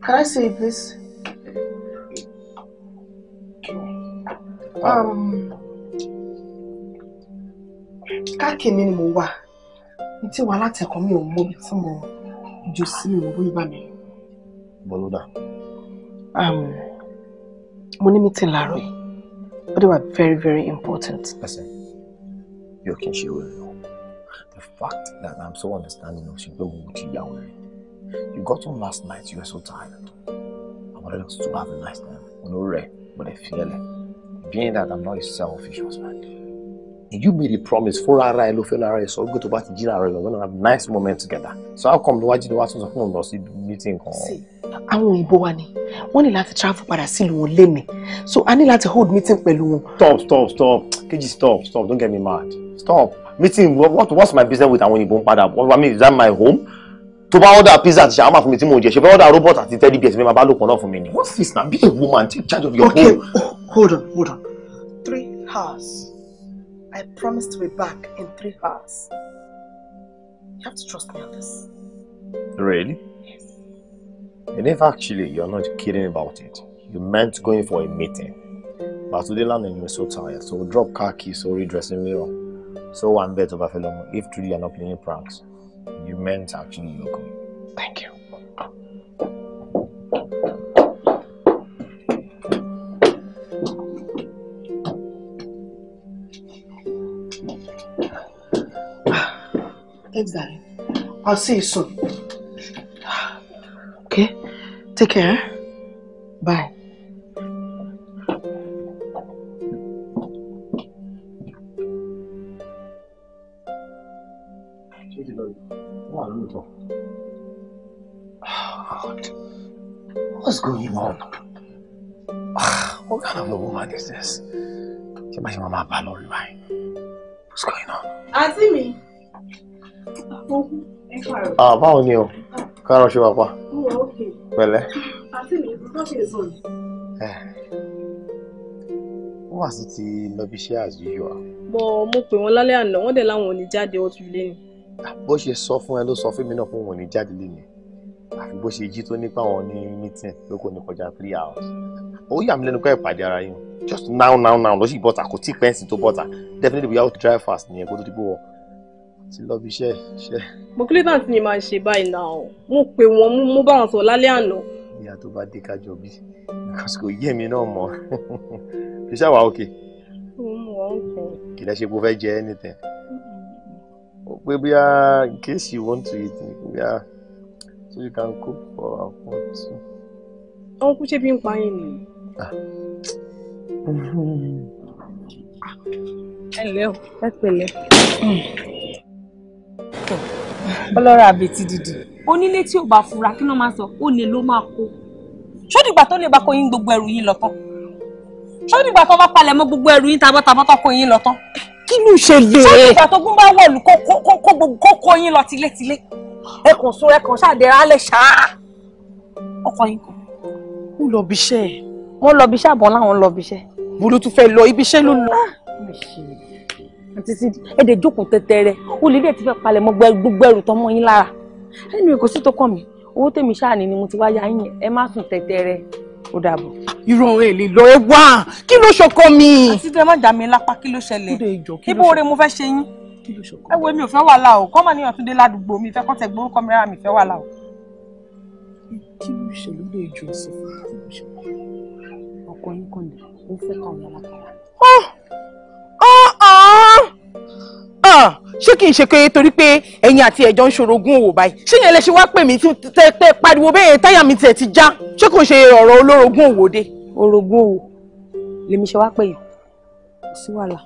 Can I see it, please? Um, káàkiri ni mo wà ní tí wàhálà tẹ̀kọ́ mi ò mọ ibi tí mo jù sí mi ò bóyá bá mi. Bọ́lódà. Um, mo ní meeting láàárọ̀ yìí, but they were very very important. Listen, yóò kí n ṣe The fact that I'm so understanding of ṣe pé mo ti You got home last night, you were so tired. I wanted us to have a nice time. Honore, but I feel it. Being that I'm not a selfish husband. And you made a promise for ara I love fẹ́ lára ẹ sọ gbé tó bá ti jí ara ẹ we're gonna have nice moment together so how come the ni wàá tún sọ fún ọ̀nà sí meeting kan. àwọn òyìnbó wa ni wọ́n ní láti travel padà sílùú wọn lémi so I need to hold meeting with wọn. stop stop stop kejì stop stop don't get me mad stop meeting what what's my business with àwọn òyìnbó ń padà what i mean is that my home tó bá order pizza àti shawarma fún mi tí mo jẹ ṣe fẹ́ order robot àti teddy bear mi máa bá lòpọ̀ náà fún mi ni what's this now be a woman take charge of your okay. home. okay oh, hold on hold on three hours i promise to be back in three hours you have to trust me on this. really yes. and if actually you're not kidding about it you meant going for a meeting but today landing you so tired so drop car keys or redressing mirror so one bet over fellow if truly are not playing pranks. You meant actually Yoko. Thank you. Thanks, darling. I'll see you soon. Okay? Take care. Bye. What's going on? Ah, what kind of a woman is this? Ṣé máa ṣe máa máa bá What's going on? Àǹtí mi. Ah, how ni o? Káàárọ̀ ṣe wà pa. Pẹ̀lẹ́. Àǹtí mi, ìbùkún ṣe èso ni. Wọ́n wà sí ti lọ bí iṣẹ́ as usual. Bọ̀ mo pè wọ́n lálẹ́ àná, wọ́n dẹ̀ láwọn ò ní jáde ọtún ilé ni. Bó ṣe sọ fún ẹ ló sọ fún mi náà fún òun ò ní jáde àfi bó ṣe jí tó nípa wọn ní meeting tó kò ní kọjá three hours ó yà mí lẹ́nu kọ́ ìpàdé ara yín just now now now lọ sí bọ́tà kò tí pẹ́ǹsì tó bọ́tà definitely we have to drive fast nìyẹn kó tó dìbò wọ̀ ti lọ bí iṣẹ́ iṣẹ́. mo kí lẹ́tà tí ni màá ṣe báyìí náà mo pè wọ́n mo bá wọn sọ lálẹ́ àná. ìyá tó bá dé kájọ bí because kò yé mi náà mọ́ fi ṣáà wá òkè. kì í ṣe kó fẹ́ jẹ anything. ó pé bóyá in case you want to eat bóyá. Yeah so you can cook for our food too. ọ̀hún kú ṣé bí ń pa yín nìyí. Ah. ẹ ǹlẹ́ o ẹ pẹ̀lẹ́. ọlọ́rọ̀ àbètí dìdì. onílé tí ò bá fura kí ló máa sọ ó lè ló máa kó ṣó dìgbà tó lè bá kó yín gbogbo ẹrù yín lọ tán ṣó dìgbà tó bá palẹ̀ mọ́ gbogbo ẹrù yín tabọ́tabọ́ tó kó yín lọ tán. kí ló ṣe lè. ṣó dìgbà tó gún bá wọ̀lú kó kó kó kó kó yín lọ tilétilé ẹ kàn sún ẹ kàn ṣàdẹ̀rẹ̀ alẹ́ ṣáá ọkọ yín kan ń lọ bí iṣẹ́ ẹ̀. lọ bí iṣẹ́ láwọn lọ bí mo ló tún fẹ́ lọ ibi iṣẹ́ ló lọ. àti sí ẹ̀dẹ̀ jókòó tẹ́tẹ́rẹ́ ó lè dẹ̀ ti fẹ́ palẹ̀ mọ́ gbogbo ẹrù tọmọ yín lára ẹnu ìkó sí tó kàn mí owó tèmi ṣáà ni ni mo ti wá yá yín ẹ má sùn tẹ́tẹ́rẹ́ ó dàbọ̀. irọ́ ẹ lè lọ ẹ wá kí ló ṣọkọ mi. àti tẹ má dà mí lápá kí ló ṣẹlẹ̀ ibo oore mo fẹ́ ṣe yín kí ló ṣọkọ. ẹ wo mi ò fẹ́ wàhálà o kọ́ mà ní Ọ̀túndé ládùúgbò mi fẹ́ kọ́ tẹ gbórúkọ mi rárá mi fẹ́ wàhálà o. kí ló ṣẹlẹ̀ ló lè jù ẹsẹ̀ fún mi kí ló ṣẹlẹ̀ ọkọ yín kan ní ó fẹ́ kọ́ ọ̀nà látara. ṣé kì í ṣe pé torí pé ẹ̀yin àti ẹ̀jọ́ ń ṣorogún òwò báyìí ṣé yẹn lè ṣe wá pè mí tẹ pariwo bẹ́ẹ̀ táyà mi tiẹ̀ ti já ṣé kò ṣe ọ̀rọ̀ olórogún òwò dé. orogún òwò lèmi ṣe wá pè yàn sí wàhálà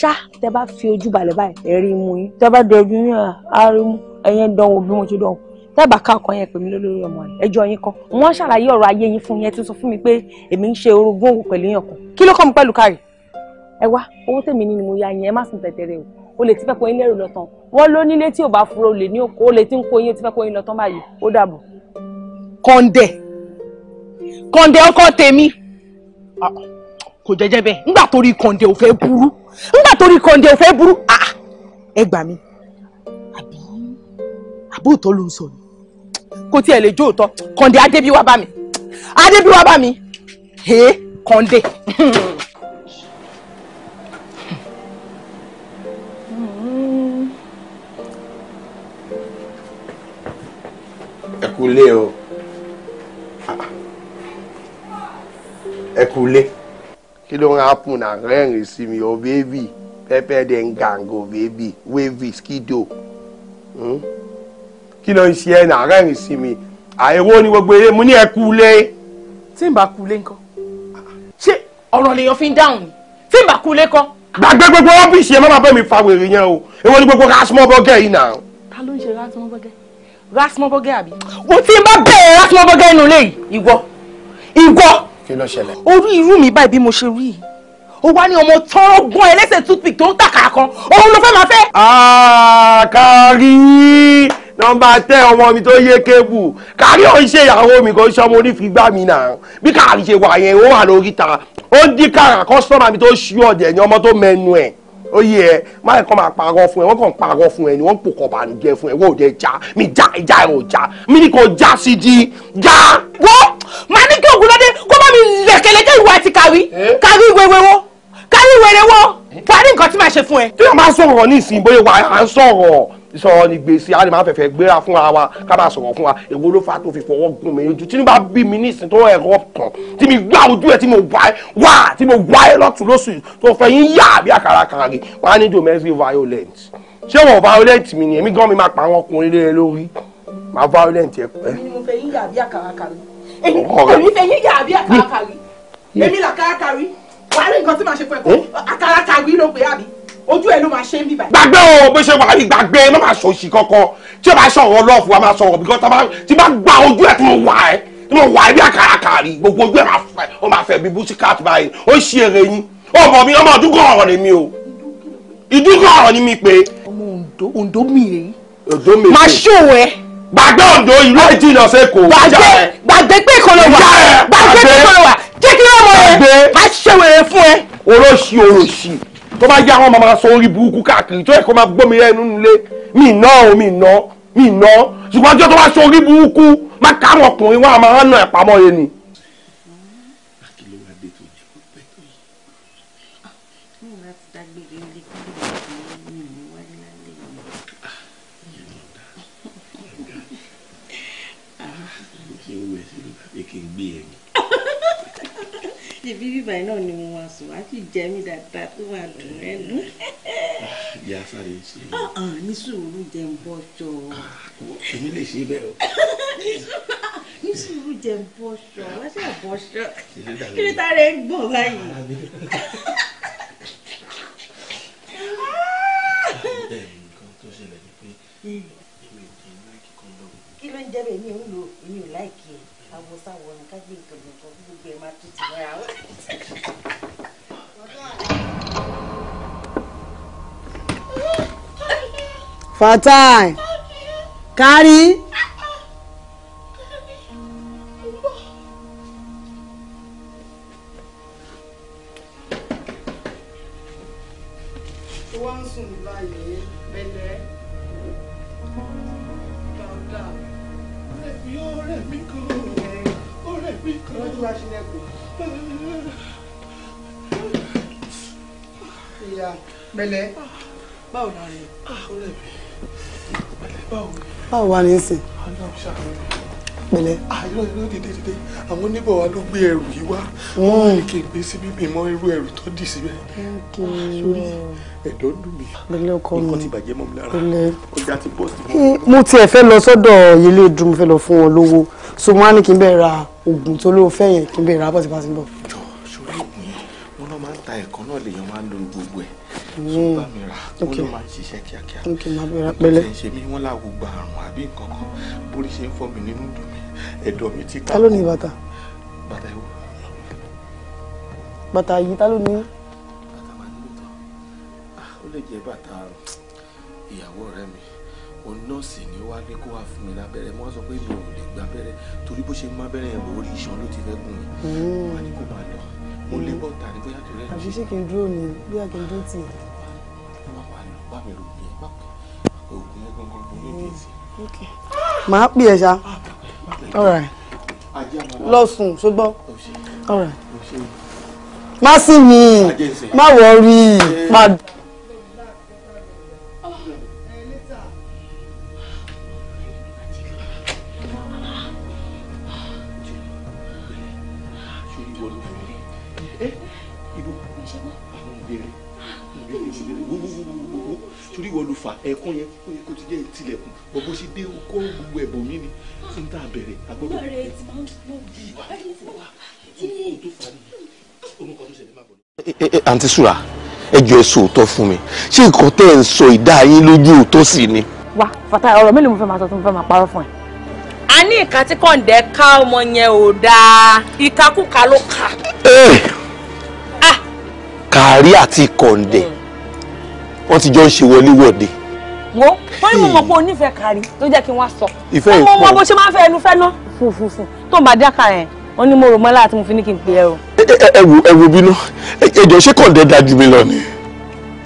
ṣá tẹ bá fi ojú balẹ̀ báyìí ẹ̀rí mu yín tẹ bá dọ̀jú yín àárín ẹ̀yẹn dánwò bí mo ti dánwò tẹ́bà ká ọkàn yẹn pè mí lórí ọmọ rẹ̀ ẹjọ́ yín kan wọ́n ṣàlàyé ọ̀rọ̀ ayé yín fún yẹn tí ń sọ fún mi pé èmi ń ṣe orogún òwò pẹ̀lú yàn kan kí ló kọ́ mi pẹ̀lú kárì. ẹ wá owó tèmi ni mo ya yẹn ẹ má sùn tẹ̀tẹ̀rẹ̀ o o lè ti fẹ́ kó yín lẹ́rù lọ wọ́n ló nílé tí ò bá fura o lè ní oko o lè ti ń kó yín o ti fẹ́ kó yín lọ báyìí ó dàbọ̀. kọ̀ǹdẹ̀ kọ̀ǹdẹ̀ ọkọ tèmi kò jẹjẹ bẹ́ẹ̀ ńgbà torí kọ̀ǹdé ò fẹ́ burú ńgbà torí kọ̀ǹdé ò fẹ́ burú ah ẹ gbà mí àbí àbóòtọ́ ló ń sọ ni kò tiẹ̀ lè jó òótọ́ kọ̀ǹdé adébíwá bá mi adébíwá bá mi hé kọ̀ǹdé. ẹ kú lé o ẹ kú lé kí ló ń happen náà rẹ́rìn sí mi o baby pepper den gang o baby wavy skido hmm? kí ló ń ṣe ẹ náà rẹ́rìn sí mi àìwó ni gbogbo eré mo ní ẹ kú lé. tí n bá kú lé ńkọ́ ṣé ọ̀rọ̀ lèèyàn fi ń dáhùn ni tí n bá kú lé kọ́. gbàgbé gbogbo ọ́fíìsì ẹ má máa bẹ́ mi fa wèrè yẹn o èwo ni gbogbo rasmọ́ bọ́gẹ́ yìí náà. ta ló ń ṣe rasmọ́ bọ́gẹ́ rasmọ́ bọ́gẹ́ àbí. o ti bá bẹ̀rẹ̀ rasmọ́ bọ́gẹ́ inú ilé yìí ìwọ ìwọ kí ló ṣẹlẹ̀. orí irú mi báyìí bí mo ṣe rí i ó wá ní ọmọ tọrọ gbọ́n ẹlẹ́sẹ̀ toothpick tó ń tàkà kan òun ló fẹ́ máa fẹ́. àkàrí nọmba tẹ ọmọ mi tó yé kébù kárí òun ṣe ìyàwó mi kò ṣọmọ onífìgbà mi náà bí kárí ṣe wà yẹn ó wà lórí ta ó dín kàrà kọ́sọ́mà mi tó ṣú ọ̀dẹ̀ ní ọmọ tó mẹ́nu ẹ̀ ó yẹ ẹ má kàn máa parọ́ fún ẹ wọ́n kàn parọ́ fún ẹ ni wọ́n ń pòkọ̀ bànújẹ́ fún ẹ wọ́n ò dẹ̀ já mi já ìjà ẹ̀ ò já mi ní kò já sí di já. wọ́n máa ní kí Ògúnládé kó bá mi lẹ̀kẹ̀lẹ̀kẹ̀ ìwà àti kàwí kàwí wẹ́wẹ́wọ́ kàwí wẹ́rẹ́wọ́ wàá ní nǹkan tí màá ṣe fún ẹ. tí wọ́n máa sọ̀rọ̀ ní ìsìn bóyá wàá sọ̀rọ̀ sọ ni gbèsè a lè máa fẹ̀fẹ̀ gbéra fún ara wa ká máa sọ̀rọ̀ fún wa èwo ló fa tó fi fọwọ́ gún mi ojú tí ní bá bí mi ní ìsìn tó ẹ̀rọ kàn tí mi gbá ojú ẹ̀ tí mo wá ẹ wá tí mo wá ẹ lọ́tún lóṣù tó fẹ́ yín yá àbí àkàrà kan rè wọ́n á ní domestic violent ṣé wọ́n violent mi ni èmi gan mi máa pa àwọn ọkùnrin lé lórí máa violent ẹ pẹ́. èmi fẹ́ yín yá àbí àkàrà kan rè èmi fẹ́ yín yá àbí àkàrà kan rè èmi làkàrà kan rè wàá rí nǹkan tí màá ojú ẹ ló máa ṣe ń bíbá. gbàgbé o bó ṣe wà rí gbàgbé má máa sọ òṣì kankan tí o bá ṣe ọ̀rọ̀ lọ́ọ̀fù wa máa sọ ọ̀rọ̀ bíkọ́ tí bá gba ojú ẹ tó wà ẹ tí mo wà ẹ bí àkàràkàrì gbogbo ojú ẹ ó máa fẹ́ bí bùsíkàtì báyìí ó ṣe eré yín ọmọ mi ọmọ ìdúgbò ọ̀rọ̀ ni mi o ìdúgbò ọ̀rọ̀ ni mi pé. ọmọ òǹdó òǹdó mi rè é. òǹdó mi rè é. máa ṣòwò ẹ. gbàgbé òǹdó ìlú èjì lọ sí èkó. gbàgbé gbàgbé pé kò lọ wà gbàgbé pé kò lọ wà jẹ́ kí ló mọ̀ ẹ́ máa ṣòwò ẹ fún ẹ. olóṣì olóṣì tó bá yá wọn máa máa sọ orí burúkú káàkiri tó yẹ kó máa gbómi rẹ nínú ilé mi ná o mi ná mi ná ṣùgbọ́n ọjọ́ tó bá sọ orí burúkú má ká àwọn ọkùnrin wọn àmọ́ hàn náà ẹ̀pamọ́ yẹn ni. bí bíbá náà ni mo máa sùn wá kì í jẹ mí dáadáa tó máa dùn lẹ́nu. Ah, ìyá sáré ṣe é. Ah, ah, ní sùúrù jẹ ń bọ́ jọ. èmi lè ṣe bẹ́ẹ̀ o. ní sùúrù jẹ ń bọ́ jọ wá ṣe àbọ̀ ṣọ kí ni tá a rẹ̀ ń báyìí. kí ló ń jẹ́ bẹ́ẹ̀ mi ò ń lo èmi ò láìkí ẹ̀ àwọ̀ ká gbé nǹkan nǹkan gbogbo ẹ̀ máa tó ti mọ́ra ìwọ́n tí wàá ṣílẹ̀ kù. ìyá pẹ̀lẹ́ báwo la rẹ. Ah, báwo sìn pẹ̀lẹ́. àìrọ irọ́ dìde dìde àwọn oníbọ̀ wa ló gbé ẹrù yìí wá hmm. wọ́n ní kí n gbé síbí mi irú ẹrù tó dì síbẹ̀. Ah, sórí ẹ̀dọ́ dùn mí nǹkan ti bàjẹ́ mọ́ mi lára ọjà ti bọ́ sí mi. Eh, mo tiẹ̀ fẹ́ lọ sọ́dọ̀ ilé ìdúró mo fẹ́ lọ fún wọn lówó so mo á ní kí n bẹ̀rẹ̀ ra oògùn tó lówó fẹ́ yẹn kí n bẹ̀rẹ̀ ra pàṣípàṣí bọ̀. jọ sórí oògùn máa ń ta ẹ̀kọ́ náà lèèyàn máa ń lo gbogbo ẹ̀ hmm. ṣiṣẹ́ ẹ̀dọ̀ mi ti ká. ta ló bàtà. bàtà ìwọ. bàtà yìí ta bàtà máa ní lóòótọ́ ó lè jẹ́ bàtà ìyàwó ọ̀rẹ́ mi òun nọ́ọ̀sì ni ó wá gbé kó wá fún mi lábẹ́rẹ́ wọ́n sọ pé mi ò lè gba abẹ́rẹ́ torí bó ṣe má bẹ́rẹ̀ yẹn lórí iṣan ló ti fẹ́ gùn mi hmm. wọ́n á ní kó máa lọ mo lè bọ́ tàbí bóyá tó rẹ̀ jù. àbí ṣé kí n dúró ni bí a kì í dúró tì í. bàbá lọ bá mi rò yẹn bá pè oògùn yẹn gangan ló ní ìdí sí. màá pè ẹ ṣá. Ah, lọ sùn ṣùgbọ́n má sì mí má wọrí má. torí ìwọ ló fà ẹkún yẹn kó ti jẹ ìtìlẹ̀kùn bọ bó ṣe dé kó gbogbo ẹbọ mi ni sí ní tá a bẹ̀rẹ̀ agbọ́dọ̀ bẹ̀rẹ̀. àǹtí sùrà ẹ jọ ẹ sọ òótọ́ fún mi ṣé nǹkan tẹ́ ẹ̀ ń sọ ìdá yín lójú òótọ́ sí ni. wá fata ọ̀rọ̀ mélòó mo fẹ́ máa sọ tó mo fẹ́ máa parọ́ fún ẹ. a ní ìka tí kọ̀ǹdẹ́ ká ọmọ yẹn ò dáa ìkakúka ló kà. Eh! Ah! kàrí àti kọ̀ǹdẹ́ wọ́n ti jọ ń ṣe wọléwọ̀de. Mm wo torí mo mọ̀ pé o nífẹ̀ẹ́ kárí ló jẹ́ kí wọ́n sọ ìfẹ́ ìpọ̀ ọmọ bó ṣe máa ń fẹ́ ẹnu fẹ́ ná fùfùfù tó bá dáka yẹn wọ́n ní mo rò mọ́lá àti mo fi ní kí n pè é o. ẹ wo ẹ wo bínú ẹjọ ṣé kọ̀ǹdẹ́ da jù mí lọ ni.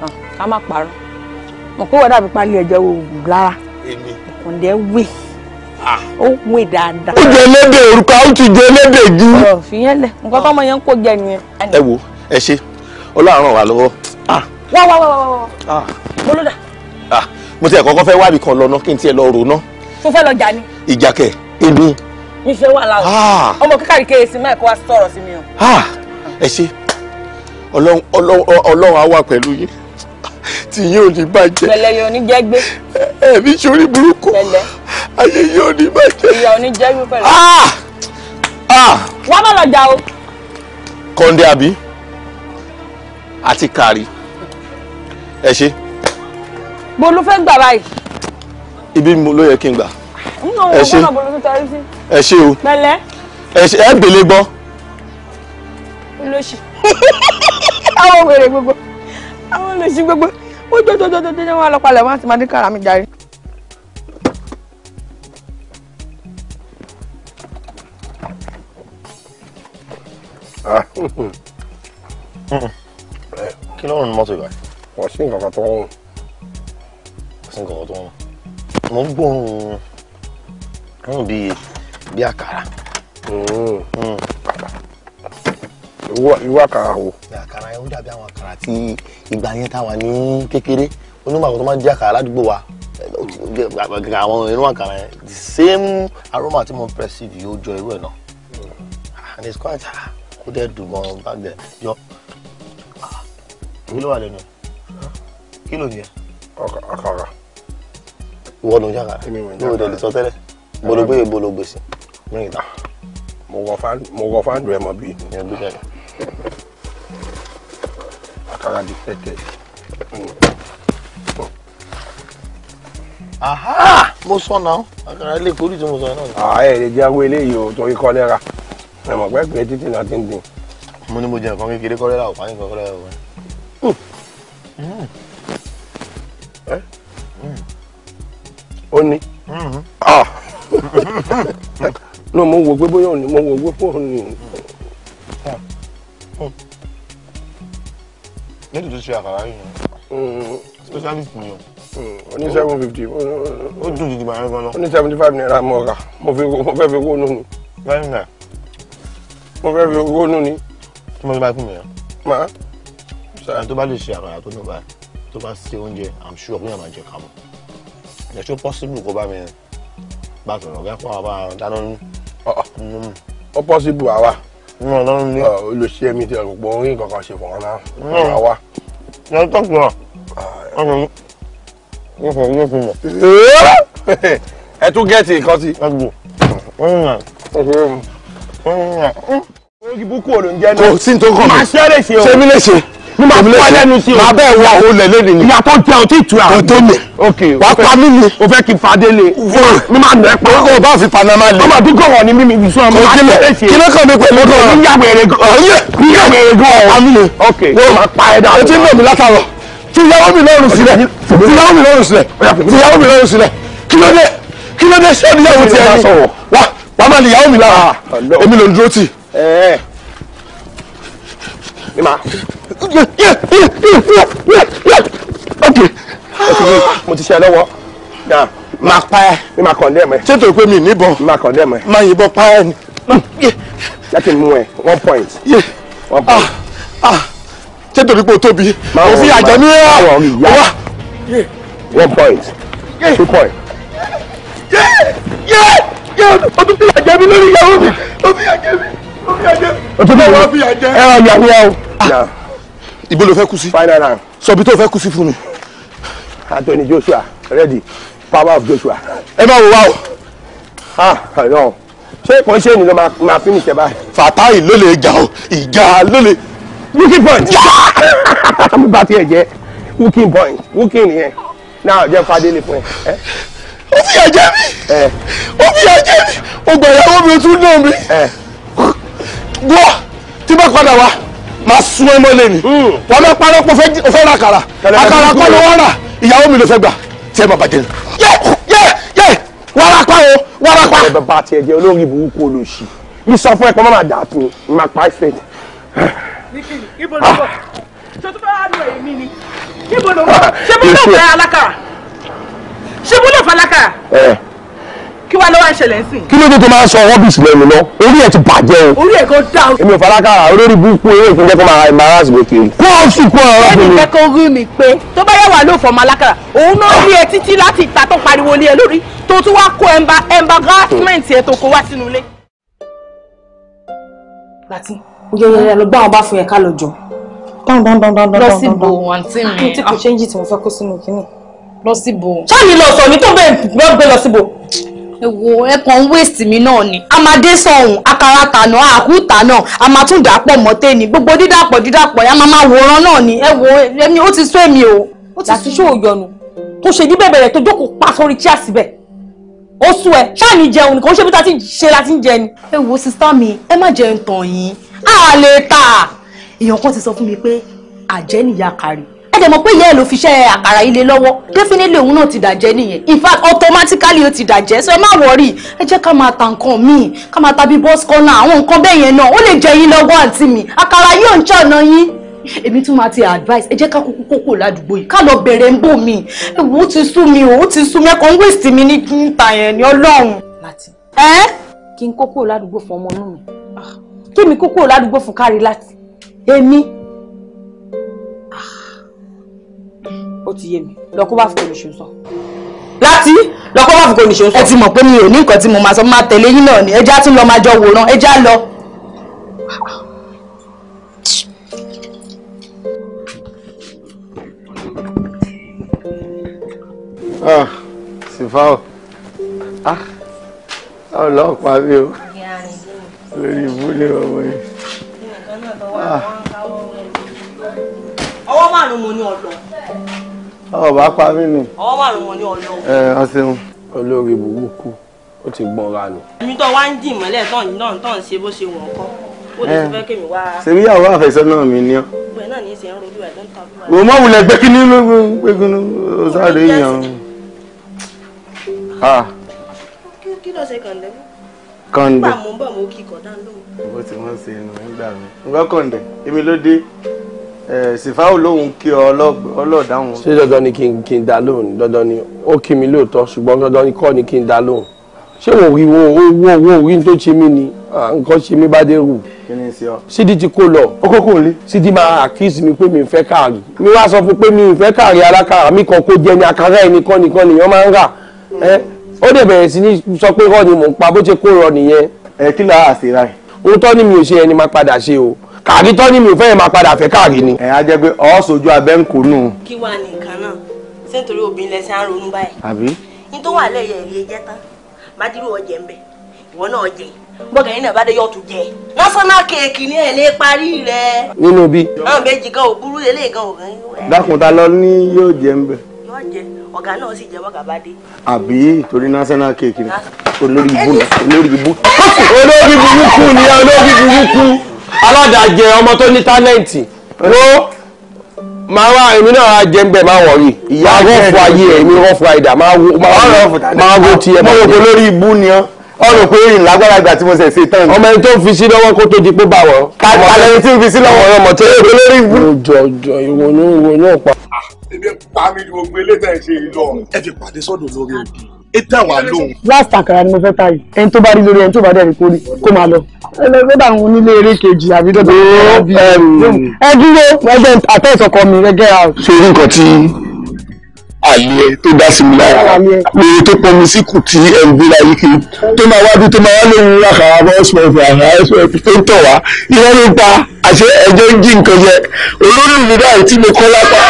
Ah, ká má parọ́ mọ̀ pé wọ́n dàbí pálí ẹ̀jẹ̀ wo lára kọ̀ǹdẹ́ wè ah. ó wè dáadáa. ó jẹ ẹlẹ́dẹ̀ òrùka ó ti jẹ ẹlẹ́dẹ̀ ju. fìyẹ́lẹ̀ nǹkan tọ́mọ yẹn ń kó jẹ nìyẹn. ẹ wo ẹ ṣe ọlọ́run ràn wá lọ́wọ́. Ah. wá wá wá wá wá. mo ló dà mo ti ẹ̀ kọ́kọ́ fẹ́ wábì kan lọ́nà kí n tiẹ̀ lọ rò ná. tó fẹ́ lọ jà ni. ìjà kẹ̀ èmi. mi ṣe wà láwùjọ ah. ọmọ kíkàrí kéèsì máa kó wá sọ̀rọ̀ sí mi o. Ah, ẹ ṣe ọlọ́run á wà pẹ̀lú yín tí yín ò ní bàjẹ́. pẹ̀lẹ́ yóò ní jẹ́gbé. ẹ̀mí sórí burúkú. pẹ̀lẹ́. ayé yín ò ní bàjẹ́. ìyá ò ní jẹ́gbé pẹ̀lẹ́. Ah, wọ́n bá lọ jà o. kọ́ńdé àbí àti kàrí ẹ ṣe bó ló fẹ́ gbà báyìí. ibi ló yẹ kí n gbà. ẹ ṣe ẹ ṣe o ẹ ṣe ẹ gbélé gbọ́. olóṣì àwọn wèrè gbogbo àwọn olóṣì gbogbo ó jọjọjọjọ wọn lọ palẹ̀ wọn àti máa dín kàrà mi jàre. Ah. kí ló ń mọ́tò ìgbà. wọ́n ṣì ń kankan tó ń sí nǹkan tó ń mọ̀ ń gbóhùn wọn bíi bíi àkàrà. irú àkàrà wo. àkàrà yẹn ó dàbí àwọn àkàrà tí ìgbà yẹn táwa ní kékeré onímọ̀ àwọn tó máa ń jẹ́ àkàrà ládùúgbò wa àwọn irun àkàrà yẹn the same aroma tí mo ń perceive yóò jọ irú ẹ̀ náà and it's quite kó dẹ̀ dùn gan-an bá dẹ̀ yọ kí ló wà lẹ́nu kí ló ní ẹ àkàrà. ìwọ ló ń jàkàrà ní òde ìlú tẹ́lẹ̀ bologbe bologbe sí. mẹ́ta mo wọ fáńdù ẹ̀ mọ́ bí. àkàrà di pẹ́tẹ́. aha mo sọ náà àkàrà ilé ìkórè tí mo sọ náà. ààyè lè jẹ́ awé eléyìí o torí kọ́lẹ́ra ẹ̀mọ̀ pẹ́pẹ́ títí náà ti ń dín. mo ní mo jẹ nǹkan kékeré kọ́lẹ́ra ò pa kọ́lẹ́ra ò pa ó ní ah. náà mo wò pé bóyá òní mo wò pé fóònù ni nítorí tó ṣe àkàrà yìí mm. specialist ni o oní mm. seven fifty ó dùn jìjì bàrẹ̀ gan-an oní seventy five naira mo rà mo fẹ́ fi owó nù ni mo fẹ́ fi owó nù ni. tí mo ti bá fún mi yẹn. màá. sọ̀rọ̀ tó bá lè ṣe àkàrà tó nù báyìí tó bá ṣe oúnjẹ i'm sure pé yàn máa jẹ ká mọ̀ ẹ̀ ṣó possible kó bá mi bá sọ̀rọ̀ kẹ́ fún wa bá dáná nínú. ó possible àwa olùṣe mi ti ọ̀pọ̀ orin kankan ṣe fọ̀rọ̀ náà àwa. yẹ tó kù ọ yóò fún yóò fún mọ. ẹ tún gẹ́ẹ̀tì nǹkan sí. orí búkú òdò ń jẹ́ náà. kò sí ní tó kàn mí ṣé mi lè ṣe ni ma fún ọ lẹ́nu sí o ma bẹ́ẹ̀ wọ àwọn olè lẹ́nu ni ìyàtọ̀ jẹ o ti o tó mi wàá pa mí ni o fẹ́ kí n fadé le mi máa nà ẹ pa o bá fi panama le ọmọ àdúgbò wọn ni mímí ìṣó ọmọ máa tẹ̀lé ṣe kílẹ̀ kan mi pẹ̀lú ọdún ọ̀rọ̀ níyàwó èrè gan ọ̀rọ̀ àmì ni wọ́n máa pa ẹ̀dá o ti ń lò mí látàrọ̀ ti yàwó mi lọ́rùn sílẹ̀ ti yàwó mi lọ́rùn sílẹ̀ ti yàwó mi lọ́rùn sílẹ̀ kí ló dé kí ló dé ṣé ìyàwó tiẹ̀ ni wà wà á máa lè yàwó mi lára ah, èmi ló ń dúró tì. Eh, eh mo ti ṣe ẹ lọ́wọ́ máa pa ẹ́ mi máa kàn dẹ́mẹ̀. ṣé tó pé mi níbọn mi máa kàn dẹ́mẹ̀. máa yìnbọn pa ẹ́ ni. láti mú ẹ one point. one point. Ah, ah. ṣé torí pé o tóbi òfin àjẹmí ẹ wá. one point two point. o tún fi àjẹmí lórí ìyàwó mi o fi àjẹmí o fi àjẹmí. o tún fi àjẹmí ẹ wá ìyàwó ẹ o. Ah ibo ló fẹ́ kú sí. final round. sọ ibi tó fẹ́ kú sí fún mi. Anthony Joshua ready power of Joshua. ẹ máa wò wá o. ah ọlọ́run ṣé kò ń ṣe ènìyàn máa máa finish ẹ báyìí. Fatai ló lè jà o ìjà ló lè. looking point. mo bá tiẹ̀ jẹ́ looking point looking yẹn náà jẹ́ fadélé fún ẹ. ó fi ẹ̀jẹ̀ mi ó fi ẹ̀jẹ̀ mi ó gbà ìyàwó mi ó tún náà mi. gbọ́ tí bá padà wá máa sún ẹ mọ́lẹ̀ ni hmm. wọ́n lọ parọ́ pé o fẹ́ ra àkàrà àkàrà kọ́ ló wá rà ìyàwó mi ló fẹ́ gbà tí ẹ máa bàjẹ́ ni. yẹ yẹ yẹ warapa o warapa. ẹ bàbá àti ẹ̀jẹ̀ olórí burúkú olóṣì mi sọ fún ẹ pé mọ́mọ́ àdá tó máa pa ẹ fẹ́. ibo ló bọ̀ ṣé tó bá wà ló fẹ́ alákàrà ṣé mo lè fẹ́ alákàrà kí wàá lọ́wọ́ ìṣẹ̀lẹ̀ sí. kí ló dé tó máa ń sọ rubbish lẹ́nu lọ orí ẹ̀ ti bàjẹ́ o. orí ẹ̀ kò dá o. èmi ò falákàrà olórí burúkú eré ìpínlẹ̀ kó máa embarrass mi kiri. kó o sì kó ọ̀rọ̀ mi. ẹnì kẹ́kọ̀ọ́ rí mi pé tó bá yẹ wà ló fọmọ alákàrà òun náà rí ẹ títí láti ìta tó pariwo lé ẹ lórí tó tún wá kó embarrassment ẹ tó kó wá sínú ilé. láti yẹyẹ lọ gbá wọn bá fún yẹ ká lọ jọ. lọ sí bo àǹtí mi. àǹtí kò ṣe ń jì tí mo fẹ́ kó sínú kínní. lọ sí bo. ṣáà ní lọ sọ ní tó bẹ́ẹ̀ gbé lọ sí ewo ẹ waste mi náà ni amadé sọhùn akara tànà àkúta náà a máa tún dàpọ̀ mọ́tẹ́ ni gbogbo dídàpọ̀ dídàpọ̀ ẹ máa máa wòran náà ni ẹ wo ẹni ó ti sún èmi o. láti ṣó òyọnu tó ṣe ní bẹ̀bẹ̀ rẹ̀ tó jókòó pa sórí chair síbẹ̀ ó sún ẹ ṣáà ní jẹun nìkan ó ṣe bí ta ti ṣe la ń jẹ ni. ẹ sista mi ẹ má jẹun tàn yín a lè ta èèyàn kan ti sọ fún mi pé àjẹ́ nìyá kárí dẹ̀ mọ̀ pé ìyá ẹ̀ ló fi ṣẹ́ àkàrà ilé lọ́wọ́ mm. definitely òun náà ti dàjẹ́ nìyẹn in fact automatically ó ti dàjẹ́ so ẹ má wọrí ẹ jẹ́ ká máa ta nǹkan míì ká máa ta bí bọ́s kọ́nà àwọn nǹkan bẹ́ẹ̀ yẹn náà ó lè jẹ yín lọ́wọ́ àǹtí mi àkàrà yóò ń ṣàna yín èmi tún máa ti advice ẹ jẹ́ ká kúkú kókò ládùúgbò yìí ká lọ bẹ̀rẹ̀ ń bò mí ewu ó ti sú mi ó ti sú mi ẹ̀kọ́ ń wéèsì mi ní níta yẹn ni ọlọ́run. láti ẹ kí n kókò ládùúgbò fún ọmọ inú mi ah. kí mi kókò ládùúgbò fún kárí ó ti yé mi lọ kó bá fi kò ní ṣe sọ láti lọ kó bá fi kò ní ṣe sọ. ẹ ti mọ̀ pé mi ò ní nǹkan tí mo máa sọ máa tẹ̀lé yín náà ni ẹ já tún lọ máa jọ wòran ẹ já lọ. ah sifao ah ọlọ́pàá mi o lórí ìbúlẹ̀ ọmọ yìí. Ah. ọwọ́ márùn-ún mo ní ọlọ́pàá ọba pa mí nù. ọwọ́ wà ló mọ ní ọlọ́. ẹ ọ ṣeun olórí burúkú ó ti gbọ́n ra lọ. èmi tó wá ń dì mọ́lẹ̀ tó ń náà tó ń ṣe bó ṣe wọ̀n kọ́ ó lè fẹ́ kémi wá. ṣèbí ìyàwó àfẹ́sọ́nà mi ni ọ́. gbogbo ẹ̀ náà ní í ṣe ń rojú ẹ̀ tó ń tàbí wa. òmò wulẹ̀ gbé kí ní gbé kí ní ọ̀sáré yàn. kí ló ṣe kàndé? kàndé. nígbà mo ń bọ̀ mo kí kọ̀ dá bó ti wọ́n ṣe nù Eh, sìfáwò lòun kí ọ ọlọ́dáhùn. ṣé dandan ni kí n dá lóhùn dandan ni ó kí mi lóòótọ́ ṣùgbọ́n dandan ni kọ́ ni kí n dá lóhùn ṣé wò wí owó owó orí tó ṣe mí ni nǹkan ṣe mí bá dé rù. sídi ti kó lọ sídi máa àkíyèsí mi pé mi ń fẹ́ káàrí mi wá sọ fún pé mi ń fẹ́ káàrí alákàrà mi kàn kó jẹ ní àkàrà ẹnìkan nìkan nìyẹn máa ń rà ó dẹ̀ bẹ̀rẹ̀ sí ní sọ pé rọ ni mò ń pa bó ṣe kó rọ nìyẹn. ẹ kí ló á àṣírà ẹ̀. òótọ́ ni mi ò ṣe ẹni máa padà ṣe o kàrí tọ́ ni mi ò fẹ́ máa padà fẹ́ ni. ẹ á jẹ́ pé abe sojú abẹ́ ń kó nù. kí wàá ní nǹkan náà ṣé nítorí obìnrin á ronú báyìí. àbí. ní tó wà jẹ́ tán ń ìwọ náà yín náà bá dé yóò tún jẹ. ni lè parí nínú bí. náà méjì gan gan dákúntà lọ ní yóò jẹ ń bẹ. yóò jẹ ọ̀gá náà sì jẹ bọ́gà dé. àbí aládàjẹ ọmọ tó ní tálẹ́ǹtì ló máa wá èmi náà á jẹ́ nbẹ̀ máa wọ̀nyí ìyá rọ́ọ̀fù ayé èmi rọ́ọ̀fù àìdá máa wo máa wo tiẹ̀ máa wo lórí ibú ni ọ́ ọ̀rọ̀ pé ìrìn lágbára ìgbà tí mo ṣe ṣe tán. ọmọ ẹni tó fi sí lọ́wọ́ kó tó di pé bá wọ̀. kálẹ̀ ẹni tí ń fi sí lọ́wọ́ ọmọ tó yẹ lórí ibú. ojú ọjọ́ ìwọ ló ń wo náà pa. Ah, èmi pa mi ni mo gbé létà ẹ̀ ṣe ìlọrin. ẹ fi pàdé sọ́dọ̀ lórí òbí ẹ dá wa lóhùn. last àkàrà ni mo fẹ́ ta yìí ẹni tó bá rí lórí ẹni tó bá dẹ̀ rí kó rí kó máa lọ. ẹlẹgbẹ́ bá àwọn onílé eré kejì àbí dọ́dọ̀ ẹ dúró ẹgbẹ́ àtẹ̀sọ̀kọ mi rẹ gẹ́ra o. nǹkan tí àlẹ́ tó dá sí mi lára lórí tó pọnmi sí kù tí ẹ ń gbé láyé kiri tó máa wá bí tó máa wá lóhun àkàrà bọ́ ṣọ̀fẹ̀ àṣẹ ẹjọ́ ń jí nǹkan jẹ olórí mi dáhùn tí mo kọ́ lápá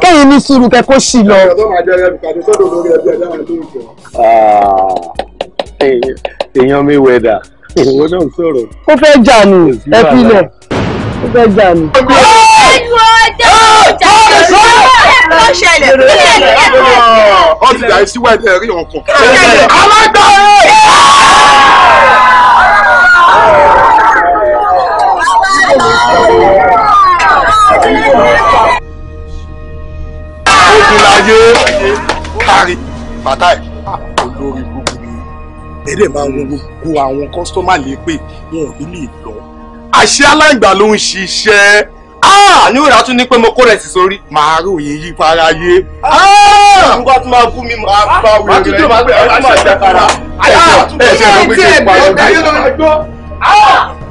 kẹ́yìn ní sùúrù kẹ́ kó sì lọ. èèyàn mi wẹ̀dà ìwọ náà sọ̀rọ̀. ó fẹ́ jà ní ẹ filẹ̀ ó fẹ́ jà ní. ó ti dà síwájú ẹ̀rí ọkàn ògùnláyé kárí bàtà ẹ̀ olórí ni ẹ̀rẹ̀ máa ń gbogbo àwọn kọ́sítọ́mà lépè wọn ò ní lè lọ. àṣé aláǹgbà ló ń ṣiṣẹ́ ní òrà tún ní pé mo kó rẹ̀ sí sórí. màá ròyìn yí fáráyé. nígbà tí máa kú mi máa bá wúlò rẹ máa tún tó máa bẹ̀rẹ̀ máa ṣe àtàkàrà. ẹ ẹ ṣe é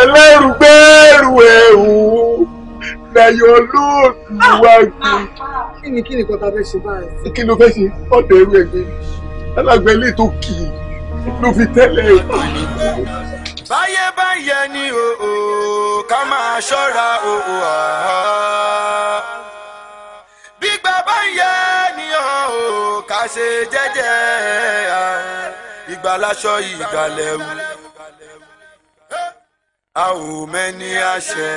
ẹlẹ́rù gbẹ́rù ẹ̀hù lẹ́yìn olóòtúwájú. kí ni kí ni kọ́ta fẹ́ ṣe báyìí. kí ló fẹ́ ṣe ọ̀dẹ̀ ẹrú ẹgbẹ́ alágbẹ́ ilé tó kì í ló fi tẹ́lẹ̀ ẹ̀. báyé báyé ni òò ká máa ṣọ́ra òò bí bàbá yẹ ènìyàn òò ká ṣe jẹ́jẹ́ ìgbàlaṣọ ìgbàlẹ̀ a ò mẹ́ni àṣẹ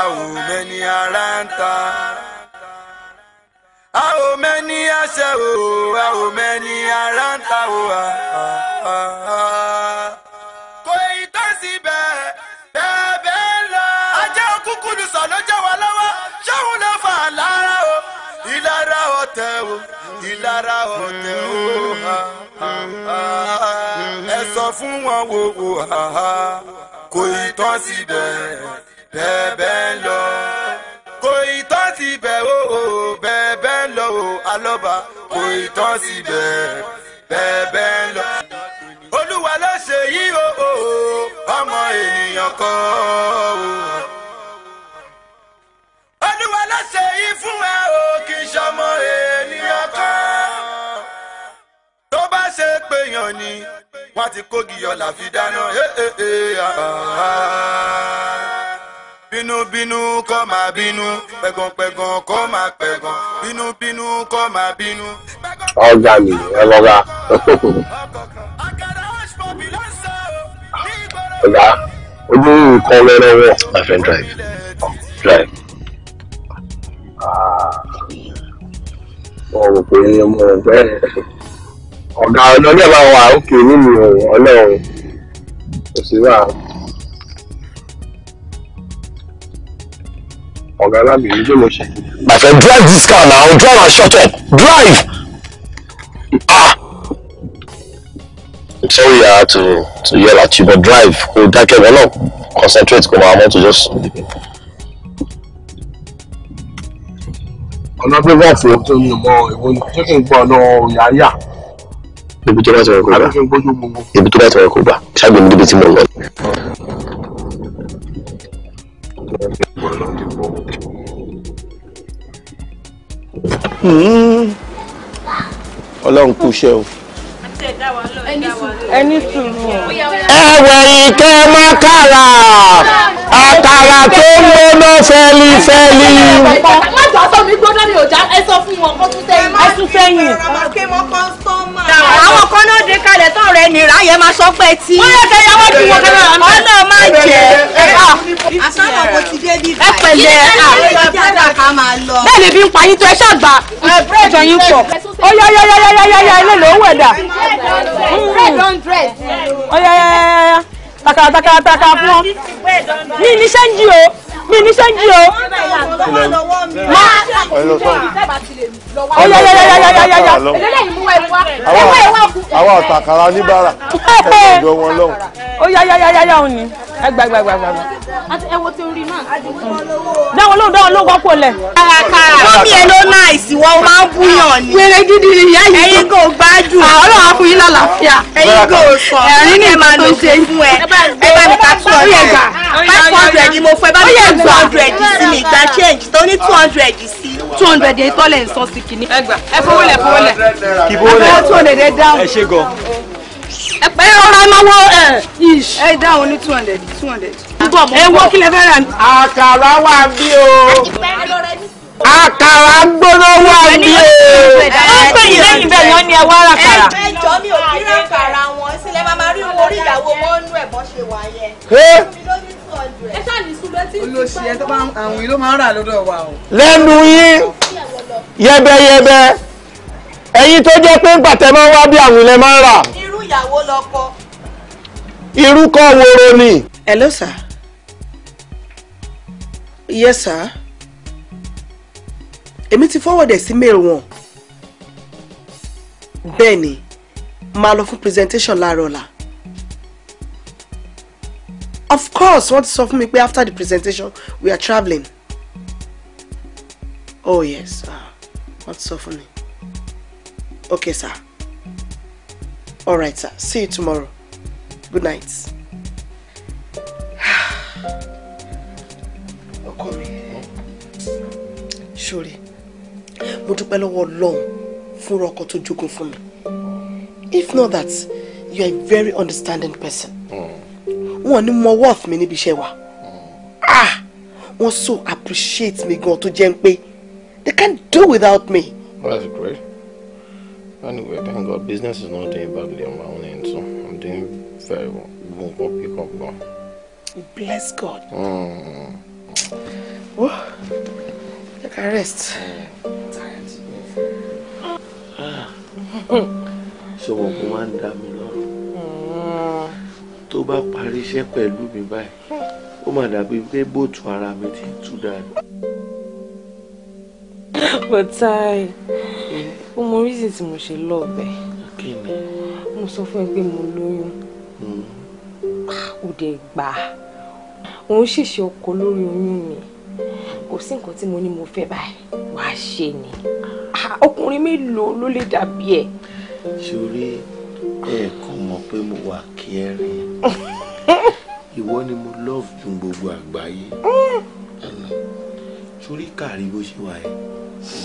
a ò mẹ́ni ara ń ta. a ò mẹ́ni àṣẹ o a ò mẹ́ni ara ń ta o. kò ì tó síbẹ̀ bẹ́ẹ̀ bẹ́ẹ̀ lọ. ajá òkúkú ni sọ ló jẹ́ wa lọ́wọ́ ṣéun ló fà lára o. ìlara ọ̀tẹ̀ o ìlara ọ̀tẹ̀ o. ẹ sọ fún wọn wo wo kò ì tọ́ síbẹ̀ bẹ́ẹ̀ ń lọ kò ì tọ́ síbẹ̀ o ò bẹ́ẹ̀ ń lọ o alọ́ba kò ì tọ́ síbẹ̀ bẹ́ẹ̀ ń lọ. olúwa ló ṣe yí o o ọmọ ènìyàn kọ́ o. olúwa ló ṣe yí fún ẹ o kì í ṣọmọ ènìyàn kọ́. tó bá ṣe pèèyàn ni wọ́n ti kógi yọ làfi dáná. bínúbínú kọ́ máa bínú pẹ̀gànpẹ̀gàn kọ́ máa pẹ̀gàn bínúbínú kọ́ máa bínú. ọjà mi ẹ lọ́ra. ọ̀la ojú nǹkan lọ́rọ́wọ́. my friend drive drive. Ah. ọ̀rọ̀ pé ní ọmọ rẹ̀ bẹ́ẹ̀ ọ̀gá ọ̀dọ́ náà máa wà òkè nínú ọlọ́run kò sí wà. ọ̀gá alábìyí tó lọ ṣe. my friend drive this car now drive and shut up drive. ah. I'm sorry I had to to yell at you but drive kò dákẹ́ wọn náà concentrate come on. I want to just. ọ̀nà bí wọ́n fò tó yìnbọn ìwé tó kì í gbọ́ ọ̀nà òyà yà ibi tó bá ti wọ̀ kó gbà ibi tó bá ti wọ̀ kó gbà ṣáàgbé mi débi tí mo lọ. Hmm. ọlọ́run kú o. ẹni sùúrù mọ́kàlá àkàrà tó ń gbóná fẹ́lifẹ́li. má jọ sọ mi gbóná ni ò já ẹ sọ fún wọn kó tún sẹ́yìn. ẹ tún sẹ́yìn. ẹ má kí wọn kọ́ sọ́ọ̀ àwọn kan náà dé kalẹ̀ tó rẹ̀ nira yẹn máa sọ pé tí. wọ́n yẹ kẹ́ yàwó ju wọn kan náà. ọ̀nà máa jẹ́ àsọ̀nà kò ti dé bí báyìí. ẹ pẹ̀lẹ́ ah. bẹ́ẹ̀ ni bí ń pa yín tó ẹ ṣàgbà ìjọ yín pọ̀. ó yá yá yá yá yá yá ilé ló wẹ̀dà. Mm. ó yá yá yá yá takara takara takara fún mi ní sẹ́ńjì o mi ní sẹ́ńjì o ọyọ yọ yọ yọ yọ yọ yọ eléyìí mú ẹ wá ẹ wá kú. àwa ọ̀tàkàrà oníbàárà ẹ̀sìn ìjọ wọn lọ́hùn. ó yá yá yá yá yá òun ni ẹ gbà gbà gbà gbà. àti ẹwọ tí orí náà. dáwọn lóhùn dáwọn lóhùn wọ́pọ̀ lẹ̀. kàràkàrà mọ́mí ẹ ló náà ìsìwọ́ ó máa ń búyàn ni. wẹ́rẹ́ gidi ni ìyá yìí. ẹ̀yin kò gbájú. ọlọ́run á fún yín lálàáfíà. ẹ̀yin kò sọ ẹ̀rín ni màá lò fún ẹ. ẹ bá mi ta two hundred. five hundred ni mo fẹ́ bá mi ta two hundred sí mi ìgbà change tó ní two hundred sí two hundred yẹn tọ́lẹ̀ ń sọ sí kìíní. ẹ gbà ẹ fowó lẹ fowó lẹ. kì í fowó lẹ ẹ two hundred ẹ dáhùn. ẹ ṣe gan. ẹ pẹ́ ọ̀rọ̀ náwó ẹ ish. ẹ dáhùn ní two hundred two hundred. ẹ wọ kí lẹ fẹ́ rà. àkàrà wà bí o. àkàrà gbóná wà bí o. ó pè yín lẹ́yìn bẹ́ẹ̀ yán ni ẹ wá rà kàrà. ẹ jọ mi ò kí rà kàrà wọn sílẹ̀ máa rí wọn orí ìyàwó wọn nú ẹ̀ bọ́ ṣe wà yẹn. ẹ ṣáà ní olóṣì ẹ tó bá àwọn yìí ló máa ń rà lọ́dọ̀ wa o. lẹ́nu yín yẹbẹyẹbẹ ẹ̀yin tó jẹ́ pé ń pàtẹ máa ń wá bí àwọn ilẹ̀ máa ń rà. irú ìyàwó lọkọ. irú woro ni. hello sir yes sir èmi ti forward ẹ̀ sí mail wọn bẹ́ẹ̀ ni màá lọ fún presentation láàárọ̀ ọ̀la of course wọ́n ti sọ fún after the presentation we are traveling. oh yes wọ́n ti sọ fún okay sir all right sir see you tomorrow good night. ọkọ mi ṣòre mo dúpẹ́ lọ́wọ́ Ọlọ́run fún ọkọ tó jogún fún if not that you are a very understanding person. Mm wọn ní mọ worth mi níbi iṣẹ́ wa ah wọn so appreciate me gan tó jẹ́ pé they can't do without me. Well, that's great. Anyway, thank God business is not doing badly on my own end, so I'm doing very well. Even for pick up now. Bless God. Mm. Oh, I can rest. I'm mm. tired. So, what command that me? tó bá parí iṣẹ́ pẹ̀lú mi báyìí ó mà dàbí pé bóòtù ara mi ti tú dànù. bọ́táì ó mọ reason tí mo ṣe lọ́ọ̀bẹ mo sọ fún ẹ pé mo lóyún hmm. ó dẹ̀ gbà òun ṣèṣe ọkọ lórí oyún mi kò sí nǹkan tí mo ní mo fẹ́ báyìí wàá ṣe ni ah, ọkùnrin mélòó ló lè dàbí ẹ. ṣòrí ẹ kàn mọ̀ pé mo wà kẹrin ìwọ ni mo love ju gbogbo àgbáyé àná sórí kàrí bó ṣe wà yẹn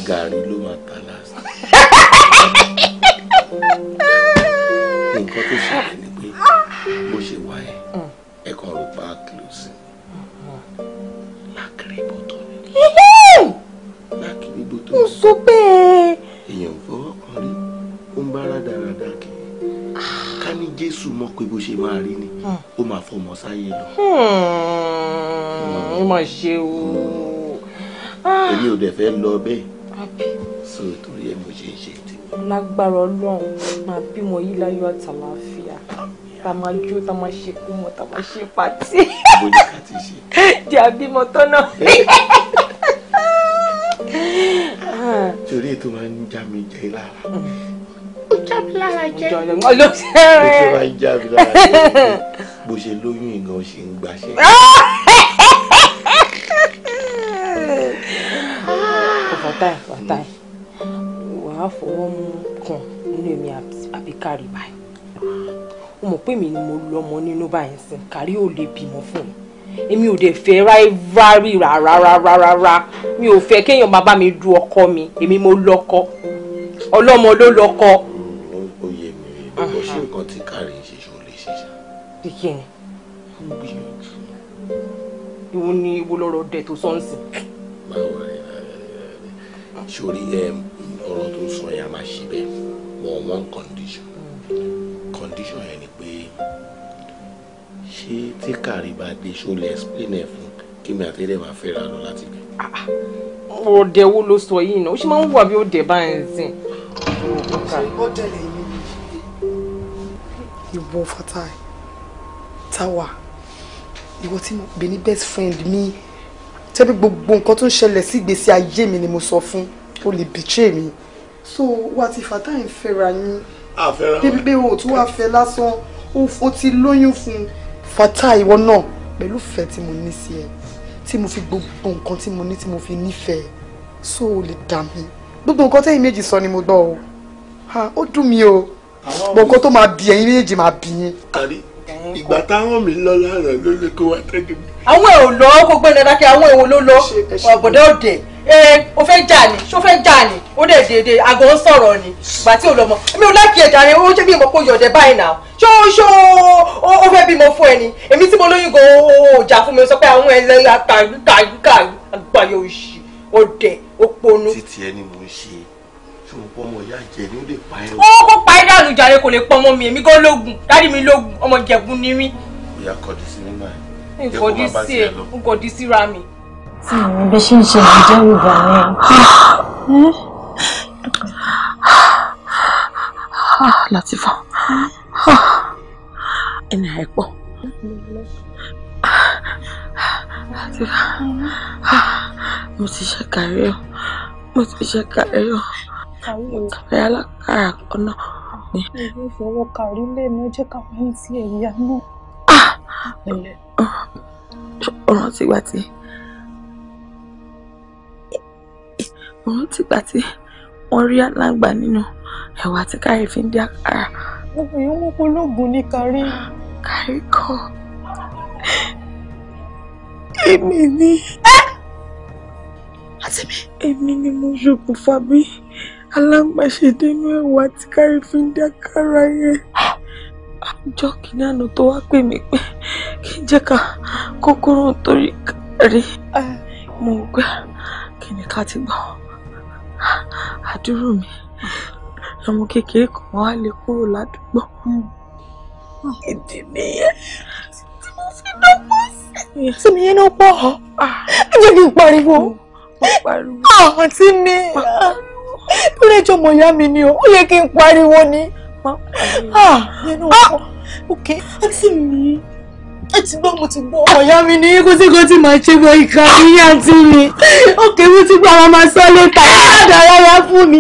gàrí ló máa ta lásán nǹkan tó ṣẹlẹ̀ ni pé bó ṣe wà yẹn ẹ kàn rò pa kìlọ̀sì lákìrí bọ́tọ̀ ni lákìrí bọ́tọ̀ ni. èèyàn fọwọ́ kan rí ó ń bá rádaràda jésù mọ̀ pé bó ṣe máa rí ni ó máa fọmọ sáyé lọ. ó hmm, mà ṣe o. Ah. èmi ò dẹ̀ fẹ́ lọ bẹ́ẹ̀ so torí ẹ̀ mo ṣe ń ṣe tí. lágbára ọlọ́run máa bímọ yìí láyọ̀ àtàlàáfíà ta máa jó ta máa ṣe kú mọ ta máa ṣe pàtì. bó ní ká ti ṣe. di àbímọ tọ́nà eh? ah. torí ètò máa ń já mi jẹ lára hmm ó jábí lára jẹ́. olóṣèré. ó ti wá jábí lára jẹ́ bó ṣe lóyún ìgan ó ṣe ń gbaṣẹ́. fatai fatai wàá fọwọ́ mú kan nínú èmi àbí kárí báyìí o mọ̀ pé mi ni mo lọ́mọ nínú báyìí sìn kárí ò lè bímọ fún mi èmi ò dẹ̀ fẹ́ rárí rárá mi ò fẹ́ kéèyàn bàbá mi du ọkọ mi èmi mo lọ́kọ ọlọ́mọ ló lọ́kọ ọ̀pọ̀ ṣé nǹkan tí kárí ń ṣe ṣe ò lè ṣe ṣá. bí kí ni. ó ń gbìyànjú. ìwo ni ìwo lọ́rọ̀ dẹ̀ tó sọ ń sìn. báwo ni sórí ọ̀rọ̀ tó sọ yẹn a máa ṣe bẹ́ẹ̀ mọ one condition condition yẹn ni pé ṣé tí kárí bá dé ṣó lè explain ẹ̀ fún kí mi àtẹ́lẹ̀ máa fẹ́ra lọ láti bẹ̀. Ah, ọ̀dẹ̀ wo ló sọ yìí náà ó ṣe máa ń wà bí ọ̀dẹ̀ bá ń sìn. ọ̀dẹ̀ lè ìwọ Fatai tawa. ìwọ tí mo be ní best friend mi tẹ́bí gbogbo nǹkan tó ń ṣẹlẹ̀ sí ìgbésí ayé mi ni mo sọ fun. o lè bìtírè mi so wa ti Fatai ń fẹ́ra yín débi pé o tún wá fẹ́ lásán o ti lóyún fún Fatai ìwọ náà pẹ̀lú ìfẹ́ tí mo ní sí ẹ tí mo fi gbogbo nǹkan tí mo ní tí mo fi nífẹ̀ẹ́ so o lè dà mí gbogbo nǹkan tẹ́yìn méjì sọ ni mo gbọ́ o ó dùn mí o bọ̀ nǹkan tó máa bí ẹyin méjèèjì máa bí yín. àrí ìgbà táwọn mi lọ lánàá ló lè kó wa tẹ́lẹ̀ mi. àwọn èèwò lọ gbogbo ẹ̀rọ dákẹ́ àwọn èèwò ló lọ ọ̀bọ̀dọ̀ òde ee o fẹ́ jà ní ṣó fẹ́ jà ní ó dẹ̀ dédé aago ń sọ̀rọ̀ ni ìgbà tí ò lọ́mọ èmi ò láàkì ẹ̀dá rẹ ó jẹ́ bí ìmọ̀pọ̀ yọ̀dẹ̀ báyìí náà ṣó ṣó ó fẹ́ bímọ fún ẹni èmi tí mo lóyún gan ó jà fún mi sọ pé àwọn ẹlẹ́yà kàlùkàlù àgbáyé òṣì ọ̀dẹ̀ òponu. títí ẹni mò ń ṣe tí mo pọ́ ọmọ ìyá ìjẹ̀ni ó lè pa ẹ́ o. ó kó pa ẹ́ dànù jàre kò lè pọ́ ọmọ mi èmi gan lógun dáàdi mi lógun ọmọ ìjẹ̀bù ni mí. ìyá kọ̀dí sí nígbà yẹn. nkọ̀dí sí ẹ nkọ̀dí síra mi. tí àwọn ẹbí ṣe ń ṣe ìjẹ́rù bà mí. Latifa ẹni àìpọ̀. mo ti ṣe kàrí ọ mo ti ṣe kàrí ọ kàwé alákàrà kan náà. ìwé ìfowó kàrí lè ní ó jẹ́ káwọn yìí ti ẹ̀yà náà. ọ̀ràn tìgbà tí ọ̀ràn tìgbà tí wọ́n rí aláǹgbá nínú ẹ̀wà tí kárí fi ń dí àkàrà. obìnrin wọn pológun ní kárí. kárí èmi ni. àti mi. èmi ni mo ṣokùnfà bí alágbàṣedé inú ẹ̀wà tí kárí fi ń dá kára yẹn àjọ kìíní àná tó wá pè mí pé kí n jẹ́ ká kókóró torí kárí mo gbà kí ni ká ti gbà ọ́ àdúrò mi ọmọ kékeré kan wá lè kúrò ládùúgbò ìdí nìyẹn tí mo fi dọ́gbọ́n sí tí mi yẹn náà pọ̀ ọ́ ẹ̀jẹ̀ mi pariwo pariwo àǹtí mi lẹ́jọ́ ọmọ ìyá mi ni o ó yẹ kí n pariwo ni. Ah, ah, ok mi ẹ ti gbọ́ mo ti gbọ́. ọ̀yá mi ní kó tí kò tí máa ṣe gbọ́ ìka ní àǹtí mi ok mo ti gbọ́ àwọn máa sọ lẹ́ta dáadáa rárá fún mi.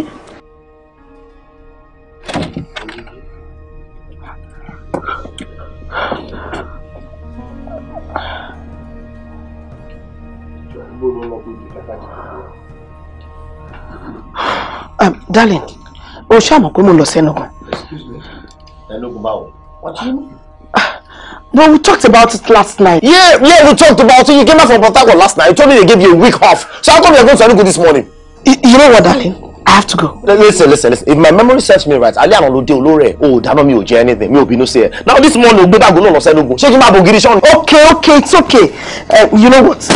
Um, darling o ṣáà mọ̀ pé mo lọ sẹ́nugun. ẹnugun báwo. But ah, we talked about it last night. Yeah, yeah, we talked about it. You came back from Port Harcourt last night. You told me they gave you a week off. So how come you're going to Enugu this morning? You, you know what, darling? I have to go. Listen, listen, listen. If my memory serves me right, alẹ́ àná ló Oh, olóore. O dáná mi ò anything. Mi ò bínú sí Now this morning, o gbé báàgò náà lọ sẹ́nugun. Ṣé Okay, okay, it's okay. Uh, you know what?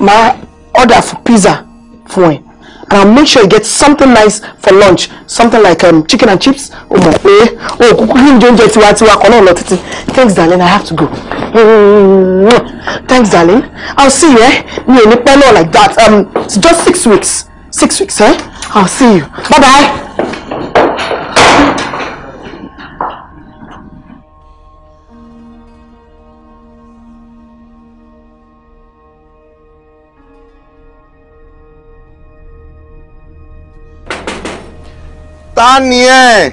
My order for pizza for him and I'll make sure you get something nice for lunch something like um, chicken and chips o mọ̀ pé o oh, kúkú ní oúnjẹ tiwantiwa kan náà lọ thanks darling I have to go mm thanks darling I'll see you eh mi ò ní like that um, it's just six weeks six weeks eh I'll see you bye bye. ta ni ẹ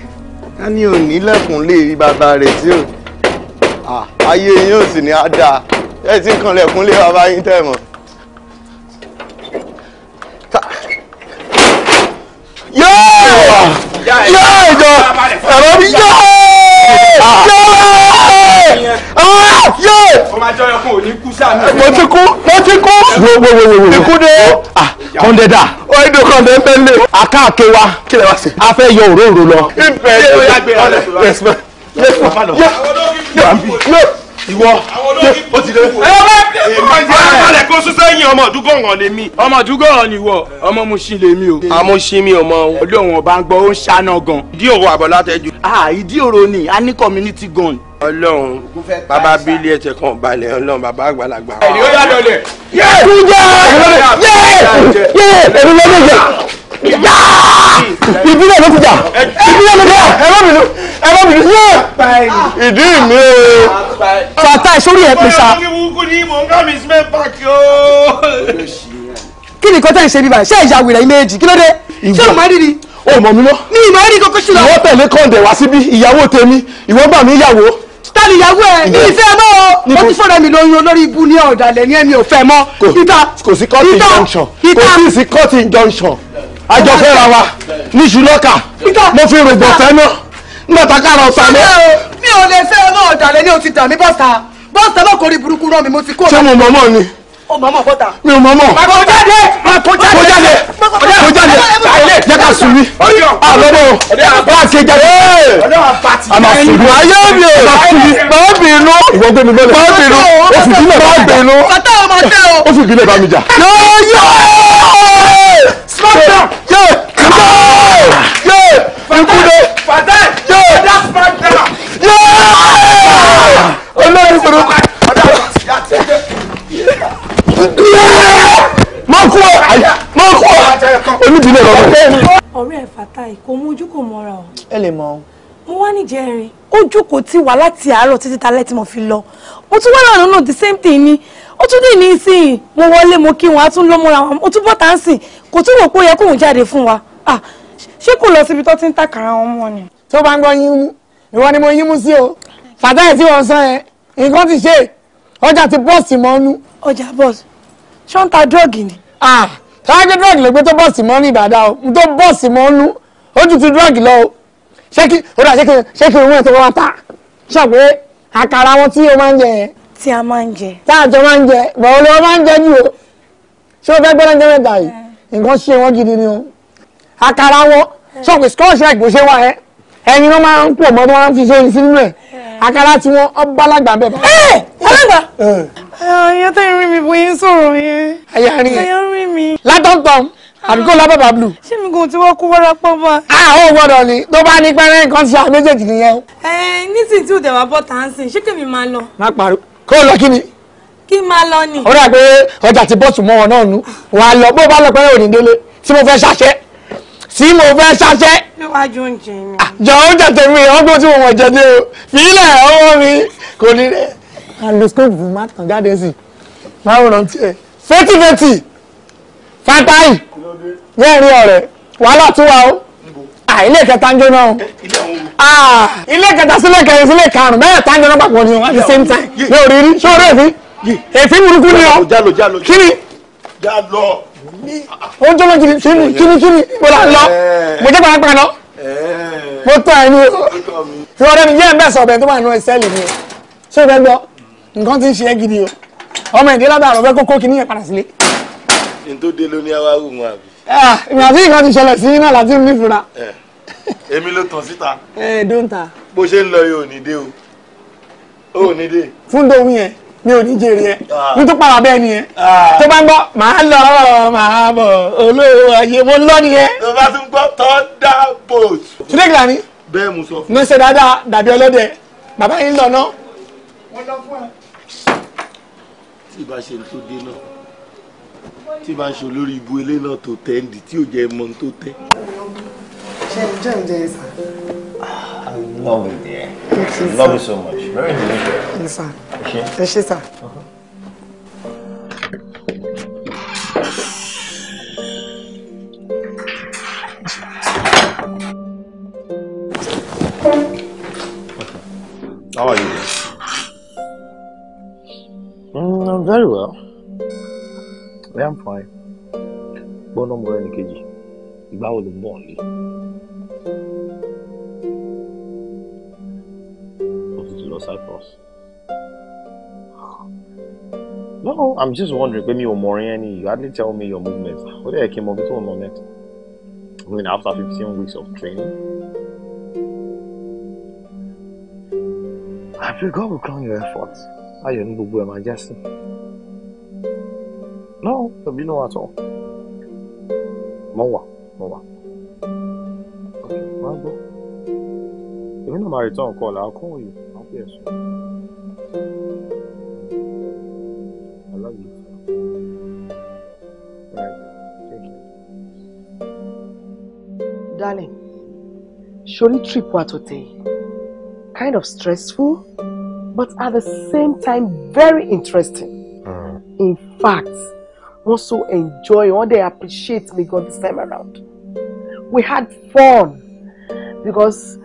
ká ní òní lẹ́kùn lè rí bàbá rẹ̀ tí ò ayé yín ò sì ní á dáa ẹ ti kan lẹ́kùn lé bàbá yín tẹ̀ yóò yóò ìjọ ẹ̀rọ mi yóò. o máa mo ti kú mo ti kú. wo wo wo wo ikú dé. Ah, kọ́ndé dà. ó ń do kọ́ndé ń bẹ́ẹ̀ lé. àkáàké wa kílẹ̀ wá sí. a fẹ́ yọ òróró lọ. ìfẹ́ yóò yá gbé ọ̀rẹ́ ìwọ o ti dé. ọmọdé kò sún sẹ́yìn ọmọ dúgọ̀ngàn lè mí. ọmọ dúgọ̀ngàn ni wọ ọmọ Mushin lè mí o. àmọ́ Mushin mi ọmọ o. olóhùn ọba ń gbọ́ ó ń ṣáná gan. ìdí òwò àbọ̀látẹ́jú. ah ìdí òro ni a ní community gun. Ọlọ́run bàbá bílí ẹsẹ kan balẹ̀ Ọlọ́run bàbá àgbàlagbà. ẹni ó yá lọlẹ. yé yé yé èmi ló ń jẹ ìbílẹ̀ ló ti jà ìbílẹ̀ ló ti jà ẹ má bínú ẹ má bínú yé ìdí mi o fata ìsórí ẹ̀ pèsè. kí ni kọ́tà ìṣe bíbá ṣé ìyá wìrẹ̀ méjì kí ló dé ṣé o máa rí ni. o mọ̀ mi mọ́. mi ìmọ̀ rí kókó sí lọ. ìwọ tẹ̀lé kọ́ńdẹ̀ wá síbí ìyàwó tèmi ìwọ gbà mí ìyàwó. tani ìyàwó ẹ ní ìfẹ́ mọ́ o mo ti fọ́nà mi lóyún olórí ibu ní ọ̀dàlẹ̀ ní ẹ̀mí ò fẹ́ mọ́. kò sí court injunction kò sí court injunction àjọfẹ́ra wa níṣu lọ́kà mo fi rògbò fẹ́ náà nígbà tá a kára ọ̀sán lé. mi ò lè fẹ́ ọlọ́ọ̀ dàlẹ́ ní o ti dà mí bọ́sà bọ́sà lọ́kọ̀ orí burúkú rán mi mo ti kó. ṣé mo mọ̀ mọ́ ni. o mọ̀ mọ̀ bọ́tà. mi ò mọ̀ mọ̀. kò jáde kò jáde kò jáde jẹ́ ká sùn mí. àlọ́dọ̀ wá ṣe jáde. àmà sùn mí. ayé mi ò bá sùn mí. bá bínú. ìwọ gbé mi lọ́lẹ̀. bá bínú. o sì bílẹ̀ bá mi jà. bàtà ọmọ tẹ o. o sì bílẹ̀ bá mi jà. yóò yóò. smackdown. yóò yóò ikúdé yóò olórí burúkú. máa kú ọ máa kú ọ onídìílé lọ́wọ́. ọ̀rẹ́ ẹ̀ Fatai kò mú ojú kò mọ́ra o. ẹ lè mọ mo wá níjẹrin ó jókòó tí wà láti àárọ̀ títí talẹ́ tí mo fi lọ mo tún wá lọ́nà náà the same thing ni ó tún dì ní ìsìn mo wọlé mo kí wọn á tún lọ́mọ́ra wọn ó tún bọ́ta ń sìn kò tún rò pé ó yẹ kóun jáde fún wa ah ṣé kò lọ síbi tó ti ń tàkàrà wọn mọ́ ni. tó bá ń gbọ́ yín mú ìwọ ni mo yín mú sí o fàtáì tí wọ́n san ẹ nǹkan ti ṣe ọjà ti bọ́ọ̀sì mọ́nú. ọjà bọ́ọ̀sì ṣó ń ta dírọ́ọ̀gì ni. ah tàbí dírọ́ọ̀gì lè gbé tó bọ́ọ̀sì mọ́nú ìbàdàn o tó bọ́ọ̀sì mọ́nú ó ju ti dírọ́ọ̀gì lọ o ṣé kí o dà ṣé kí owó ẹ̀ tó wá ta ṣàpé àkàrà wọn tí o máa ń jẹ yẹn àkàrà wọn sọ pé scotch egg bó ṣe wà ẹ ẹyin wọn máa ń pò mọ́ tó máa ń fi sóyin sínú ẹ̀ hmm. àkàrà tí wọ́n ọ bá lágbà bẹ́ẹ̀ bá. Eh! ẹ hmm. alágbà. ẹyẹ hmm. tẹ́ ń rí mi bóyá ń sọ̀rọ̀ yẹn. ẹyà rí mi. látọ̀ntàn àdúgbò lábàbà blue. ṣé mi kò tí wọ́n kú wọ́rọ́ pọ́ bá. a ò gbọ́dọ̀ ni tó bá ní pẹ́rẹ́ nǹkan ti ṣe méjèèjì nìyẹn. ẹ nísìnyí tí òdẹ̀wà bọ̀ tà ń sìn ṣé kèmi máa lọ. má pariwo kó o lọ kí ni. kí n máa lọ ni. ó dà pé ọjà ti bọ́ọ̀sù mọ́ wọn náà nù wà á lọ bó o bá lọ pẹ́rẹ́ òní délé tí mo fẹ́ ṣàṣẹ tí mo fẹ́ ṣaṣẹ́. níwájú oúnjẹ mi. Ah, jọ oúnjẹ tèmi ọgbọ́n tí mo mọ̀ jẹ ní o fílẹ̀ ọwọ́ mi kò ní rẹ̀. aloscope má tàn jáde sí báwo ló ń tiẹ̀. fẹ́tìfẹ́tì fatai yẹ́rìí ọ̀rẹ́ wàhálà tún wà o ah, ilé kẹta ń jóná o ilé ah, kẹta sílé kẹrin sílé karùn-ún bẹ́ẹ̀ tá ń jóná papọ̀ ni o at the same time lórí rí sórí èfi èfi burúkú ni o kí ni ó jọ́ méjì kíni kíni kíni mo là ń lọ mo jẹ́ pàápàá lọ eh. mo tọ́ ẹ ní o ìwọ ọ̀rẹ́ mi yẹ́ ẹ̀ bẹ́ẹ̀ sọ̀bẹ̀ tó wà nínú ẹsẹ̀ lè mi o ṣé o fẹ́ gbọ́ nǹkan ti ń ṣe é gidi o ọmọ ìdílé àbẹ̀rọ̀ fẹ́ kókó kíní yẹn padà sílé. n tó dé lóní awárù mu àbí. Ah, ìgbà tí nǹkan ti ṣẹlẹ̀ sí náà láti ń nífura. Eh. èmi ló tàn síta. ẹ eh, dóńtà. bó ṣe ń lọ yìí ní dé o ò ní dé. fún mi ò ní jèrè ẹ ní tó pàrọ̀ bẹ́ẹ̀ ni ẹ ah. tó bá ń gbọ́ màá lọ màá bọ̀ olówó ayé mo lọ ni ẹ. tó bá tún gbọ́ tọ́ndà bolt. ṣílẹ̀ kìlà ni. bẹ́ẹ̀ mo sọ fún. mo ṣe dáadáa dàbí ọlọ́dẹ bàbá yìí ń lọ ná. wọ́n lọ fún ẹ. tí ìbá ṣe tó dé náà tí ìbá ṣe olórí ibu ilé náà tó tẹ́ ǹdí tí ò jẹ́ mọ́ tó tẹ́. jẹ́ ǹjẹ́ ǹjẹ́ sà. Ah. Love you, dear. Thank you. Love you so much. Very delicious. Yes, sir. Okay. Yes, sir. Uh-huh. How are you? Mm, I'm very well. I am fine. Gbọ́n náà mo rẹ́ ní kejì. lọ́sà cross. No, I'm just wondering pé mi ò mọ̀ you hardly tell me your movements. ó dẹ̀ kí n mọ bí tó ń next I mean after 15 weeks of training. I pray God will crown your efforts. I ní gbogbo ẹ̀ máa já sí. No, tòbí no at all. Mo wà, Okay, wà. Ok, máa gbọ́. Èmi náà máa return call, I'll call you. Yes. I love you. Right. Take care. Darling, surely trip what today. Kind of stressful, but at the same time very interesting. Mm. In fact, also enjoy, All they appreciate me God this time around. We had fun because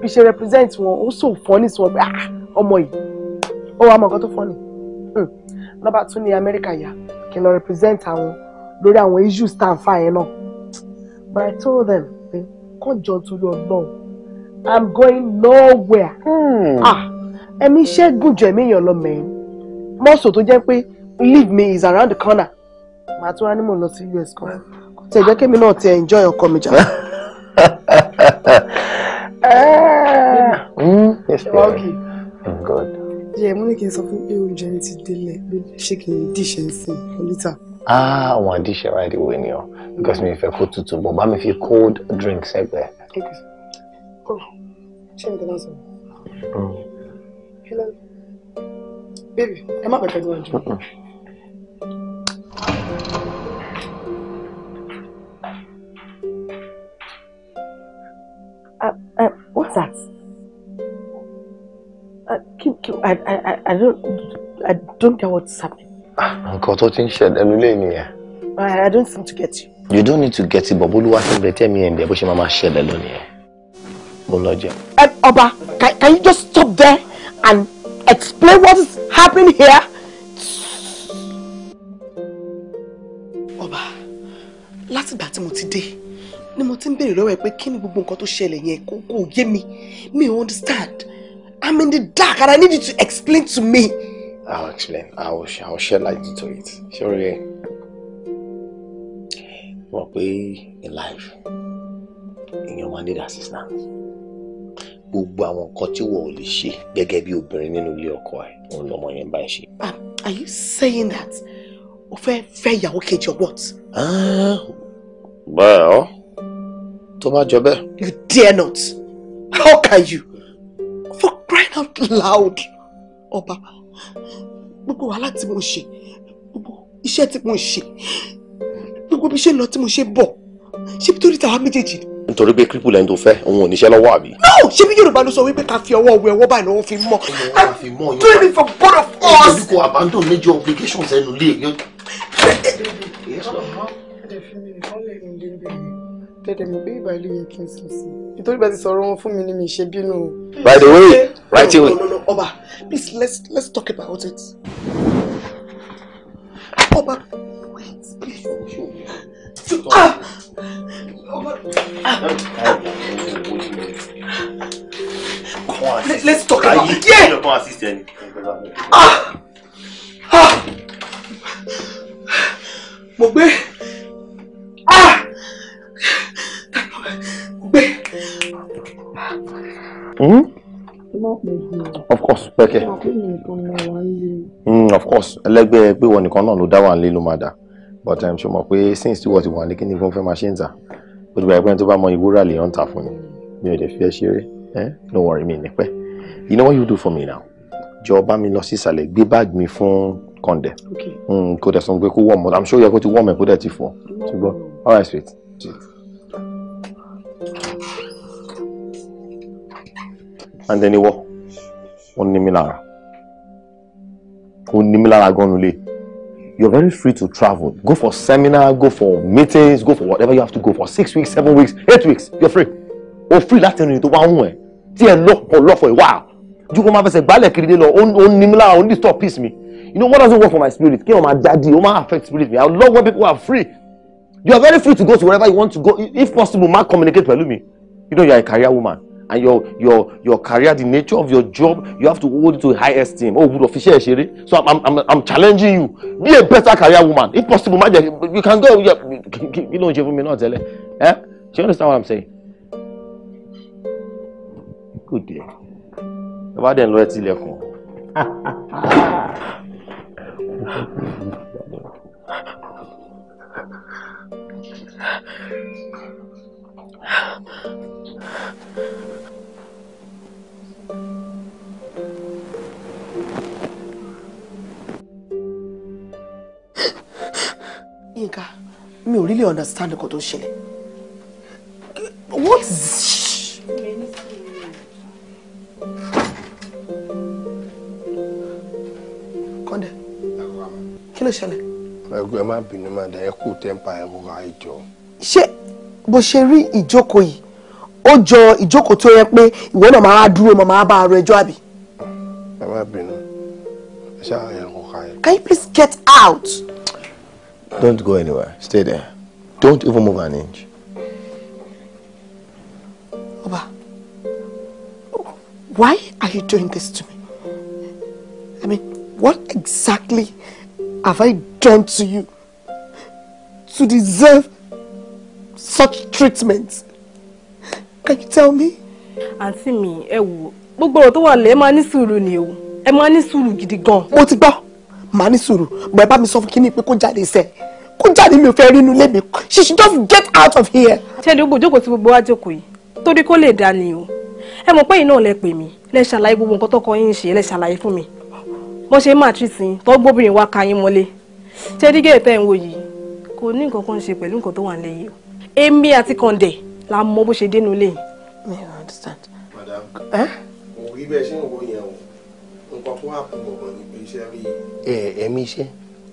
bí ṣe represent wọn ó sò fọ́nì sí wọn pé ah, ọmọ yìí ó wà mọ nǹkan tó fọ́nì lọ́ba tún ní amẹ́ríkà yá kí n lọ represent àwọn lórí àwọn issues tá à ń fà yẹn náà but i told them pé kọjọ torí ọgbọ́n i'm going nowhere hmm. ah, ẹ̀mí iṣẹ́ gùn jù ẹ̀mí èèyàn lọ mẹ́rin mọ́sọ̀ tó jẹ́ pé leave me is around the corner màá tún wá ní mò ń lọ sí us kan tẹ̀jẹ́ kémi náà ti enjoy ọkọ mi jà. Eh, yes dear i'm good. Yeah, I'm oh, ní kí n sọ fún pé oúnjẹ Shaking ti and stuff later. Ah, n díṣẹ́ sí i lítà. ah àwọn àdíṣe right away ni ọ But mi fẹ́ kó cold drink. Say there. Okay. cold oh, change the ṣé mm. Hello, baby come up and tó wà jù. Uh, uh, what's that? Uh, I, I, I, don't I don't get what's happening. Nǹkan tó ti ń ṣẹlẹ̀ ẹnu lé nìyẹn. I don't seem to get you. You don't need to get it, but Boluwa ti bẹ̀ tẹ́mi ẹ̀ ń bẹ̀ bó ṣe máa máa ṣẹlẹ̀ lónìí ẹ̀. Mo lọ jẹun. ọba, can, can you just stop there and explain what is happening here? Ọba, látìgbà tí mo ti dé, ni mo ti ń béèrè lọ́wọ́ ẹ pé kí ni gbogbo nǹkan tó ṣẹlẹ̀ yẹn kò yé mi, mi ò understand. I'm in the dark and I need you to explain to me. Oh, I'll explain. I will, I will shed light into it. Sure, what we in life, in your man need now? Gbogbo àwọn nǹkan tí wọ́n ò lè ṣe gẹ́gẹ́ bí obìnrin nínú ilé ọkọ ẹ̀ òun lọmọ yẹn bá ẹ ṣe. Are you saying that o fẹ́ fẹ́ ìyàwó kejì or what? Bẹ́ẹ̀ ah, ọ́, tó bá jọ bẹ́ẹ̀. You dare not! How can you? cry out loud ọba gbogbo wàhálà tí mo ṣe gbogbo iṣẹ́ tí mo ṣe gbogbo bí ṣe lọ tí mo ṣe bọ̀ ṣé nítorí tàwa méjèèjì ni. nítorí pé kírípù lẹ́ni tó fẹ́ òun ò níṣẹ́ lọ́wọ́ àbí. no ṣé bí yorùbá ló sọ wípé ká fi ọwọ́ wẹ ọwọ́ báyìí lọ́wọ́ fi mọ́ i'm doing it for both of us tẹ̀lé mi pé ìbàlú yẹ kí n sọ sí nítorí bá sọ̀rọ̀ wọn fún mi ni mi ṣe bínú by the way right away. ọba please let's let's talk about it. ọba wait please. Ah! ọba ah. let's talk about it. ayé kí assist ẹni. pẹ́kẹ́. Hmm, of course ẹlẹ́gbẹ́ pé wọn nìkan náà ló dá wà nílé ló máa dà but um, ṣe mọ̀ pé since tí wọ́n ti wà ní kíní fún fẹ́ máa ṣe ń tà ó ti bàyẹ̀ pé tó bá mọ ìwúrà lè ń tà fún mi mi ò dẹ̀ fi ẹ́ ṣeré eh? no worry me. nípẹ́ you know what you do for me now jọ bá mi lọ sísàlẹ̀ gbé báàgì mi fún kọ́ndẹ̀ hmm, kó dẹ̀ sọ pé kó wọ́ọ̀mù i'm sure yẹ kó ti wọ́ọ̀mù ẹ̀ kó dẹ̀ ti fọ́ mm. ṣùgbọ́n all right sweet. and then he walked wọ́n ní mi lára ó ní mi lára gan nulẹ̀ you are very free to travel go for seminar go for meetings go for whatever you have to go for six weeks seven weeks eight weeks you are free o free láti rìn tó bá ń wọ̀ ẹ́ tí ẹ lọ́pọ̀ lọ́pọ̀ ẹ̀ wá ju kó máa fẹsẹ̀ gbálẹ̀ kiri dé lọ ó ní mi lára ó ní stop peace mi you know what doesn't work for my spirit kí ni o máa dadi o máa affect spirit mi I love when people are free you are very free to go to wherever you want to go if possible ma communicate pẹ̀lú mi you know you are a career woman and your your your career the nature of your job you have to hold it to high esteem oh good official, ṣe so i'm i'm i'm challenging you be a better career woman if possible má you can go You ló ń ṣe fún mi náà tẹ́lẹ̀ eh do you understand what i'm saying good day ẹ bá dẹ̀ ń lọ ẹ tilẹ̀kùn. Thank Yinka, me really understand nǹkan tó ń ṣẹlẹ̀. What is Kọ́ndé, kí ló ṣẹlẹ̀? Ẹgbẹ́ má bínú máa dá ẹ kú tẹ́ńpà ẹ̀rọ bó ṣe rí ìjókòó yìí ó jọ ìjókòó tó yẹ pé ìwọ náà máa dúró máa máa bá ara ẹjọ́ àbí. ẹ má bínú ṣá ẹ̀rọ ká ẹ. Can you please get out. Don't go anywhere. Stay there. Don't even move an inch. Oba, why are you doing this to me? I mean, what exactly have I done to you to deserve? such treatment? Can you tell me? Àǹtí mi, ẹ wò, gbogbo ọ̀rọ̀ tó wà lẹ́ máa ní sùúrù ni o. Ẹ máa ní sùúrù gidi gan. Mo ti gbọ́, màá ní sùúrù, bọ̀ ẹ bá mi sọ fún kíní pé kó jáde iṣẹ́. Kó jáde mi ò fẹ́ rí inú ilé mi. She should just get out of here. Ṣẹ́ni ogbò jókòó tí gbogbo wa jókòó yìí, torí kó lè dá ni o. Ẹ mọ̀ pé yìí náà lẹ pè mí, lẹ ṣàlàyé gbogbo nǹkan tọkọ yín ṣe, lẹ ṣàlàyé fún mi. Mo ṣe máa tìsín, tọ́gbóbìnrin wa ka yín mọ́lé. Ṣé dígẹ̀ tẹ́ Emi àti kàndẹ̀ la mọ bó ṣe dénú lé yìí. mi ò understand. madam òrí bẹ́ẹ̀ ṣe ń wo yẹn o nǹkan tó wà pọ̀ mọ́ níbi iṣẹ́ rí. ẹ ẹ̀mí iṣẹ́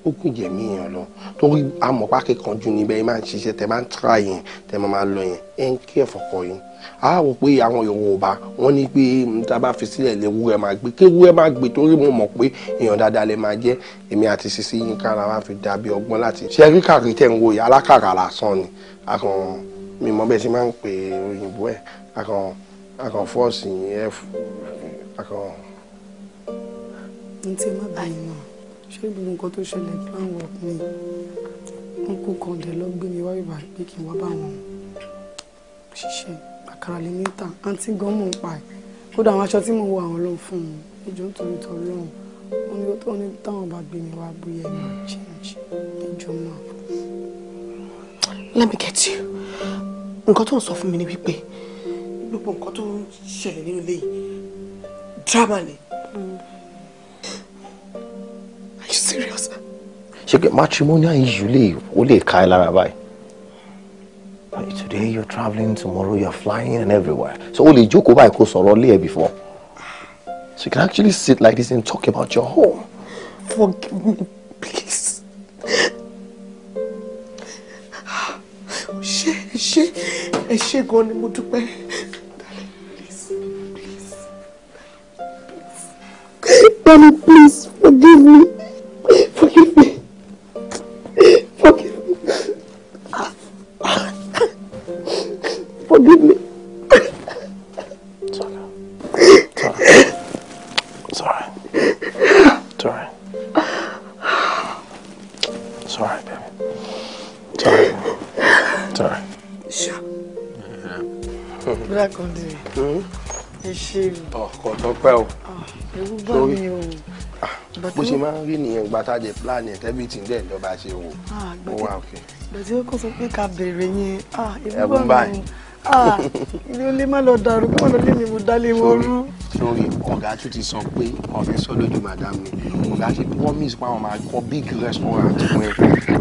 ó kún jẹ̀mí yẹn lọ torí amọ̀pá kíkanjú níbẹ̀ yẹn máa ń ṣiṣẹ́ tẹ máa ń tra yẹn tẹ máa máa lọ yẹn ẹ ń kí ẹ̀fọ̀kọ yẹn a wò pé àwọn Yorùbá wọn ní pé tá a bá fi sílẹ̀ léwúrẹ́ máa gbé kéwúrẹ́ máa gbé torí mo mọ̀ pé èèyàn dáadáa lè máa jẹ́ èmi àti Sisi Yinka la wá fi dàbí ọgbọ́n láti ṣe rí kàrí tẹ̀ ń wo yìí alákàrà lásán ni akàn mi mọ bẹ́ẹ̀ sì máa ń pè òyìnbó ẹ̀ akàn akàn fọ́ọ̀sì ẹ̀ akàn. n ti má bàyìí náà ṣé gbogbo nǹkan tó ṣẹlẹ̀ plan work ni wọn kú kan dẹ̀ lọ gbé mi wáyé wá pé kí n wá bá wọn ṣiṣẹ́ àkàrà lè níta àǹtí gan mò ń pa ẹ̀ kódà àwọn aṣọ tí mo wọ àwọn ló fún un ìjọ nítorí tọlọ́run wọn ni táwọn bá gbé mi wá bóyá ẹ̀ máa jẹ́ ìjọ náà let me get you nǹkan tó ń sọ fún mi ni wípé gbogbo nǹkan tó ń ṣẹlẹ̀ nínú drama ni are you serious. ṣé pé matrimonial issue lè ó lè ká ẹ lára báyìí. Today you're traveling, tomorrow you're flying and everywhere. So ó lè jókòó báyìí kó sọ̀rọ̀ lé before. So you can actually sit like this and talk about your home. Forgive me, please ṣé ẹ ṣé ẹ ṣé gan ni mo dúpẹ́. Daddy, please forgive me. Forgive me. Forgive me. Forgive me. It's alright. It's alright. It's alright. It's alright, baby later. Sure. Black on the. Hmm? Ẹ oh, ah, ah, ṣe o. Ọkọ̀ tó pẹ́ o. Ewu bá mi o. Bó ṣe máa ń rí nìyẹn ìgbà tá a jẹ plan yẹn everything dẹ̀ lọ́ba ṣe wò. Ah, but you. òkè. Bẹ̀tí ó kò sọ pé ká bèrè yẹn. Ewu bá mi o. Ilé olé má lọ dàrú kí wọ́n lọ lé mi mo dálé wọn rú. Sori ọ̀gá tún ti sọ pé ọ̀fẹ́ sọ́dọ̀jú màdàmù ni ọ̀gá ṣe promise pa àwọn máa kọ́ big restaurant fún ẹ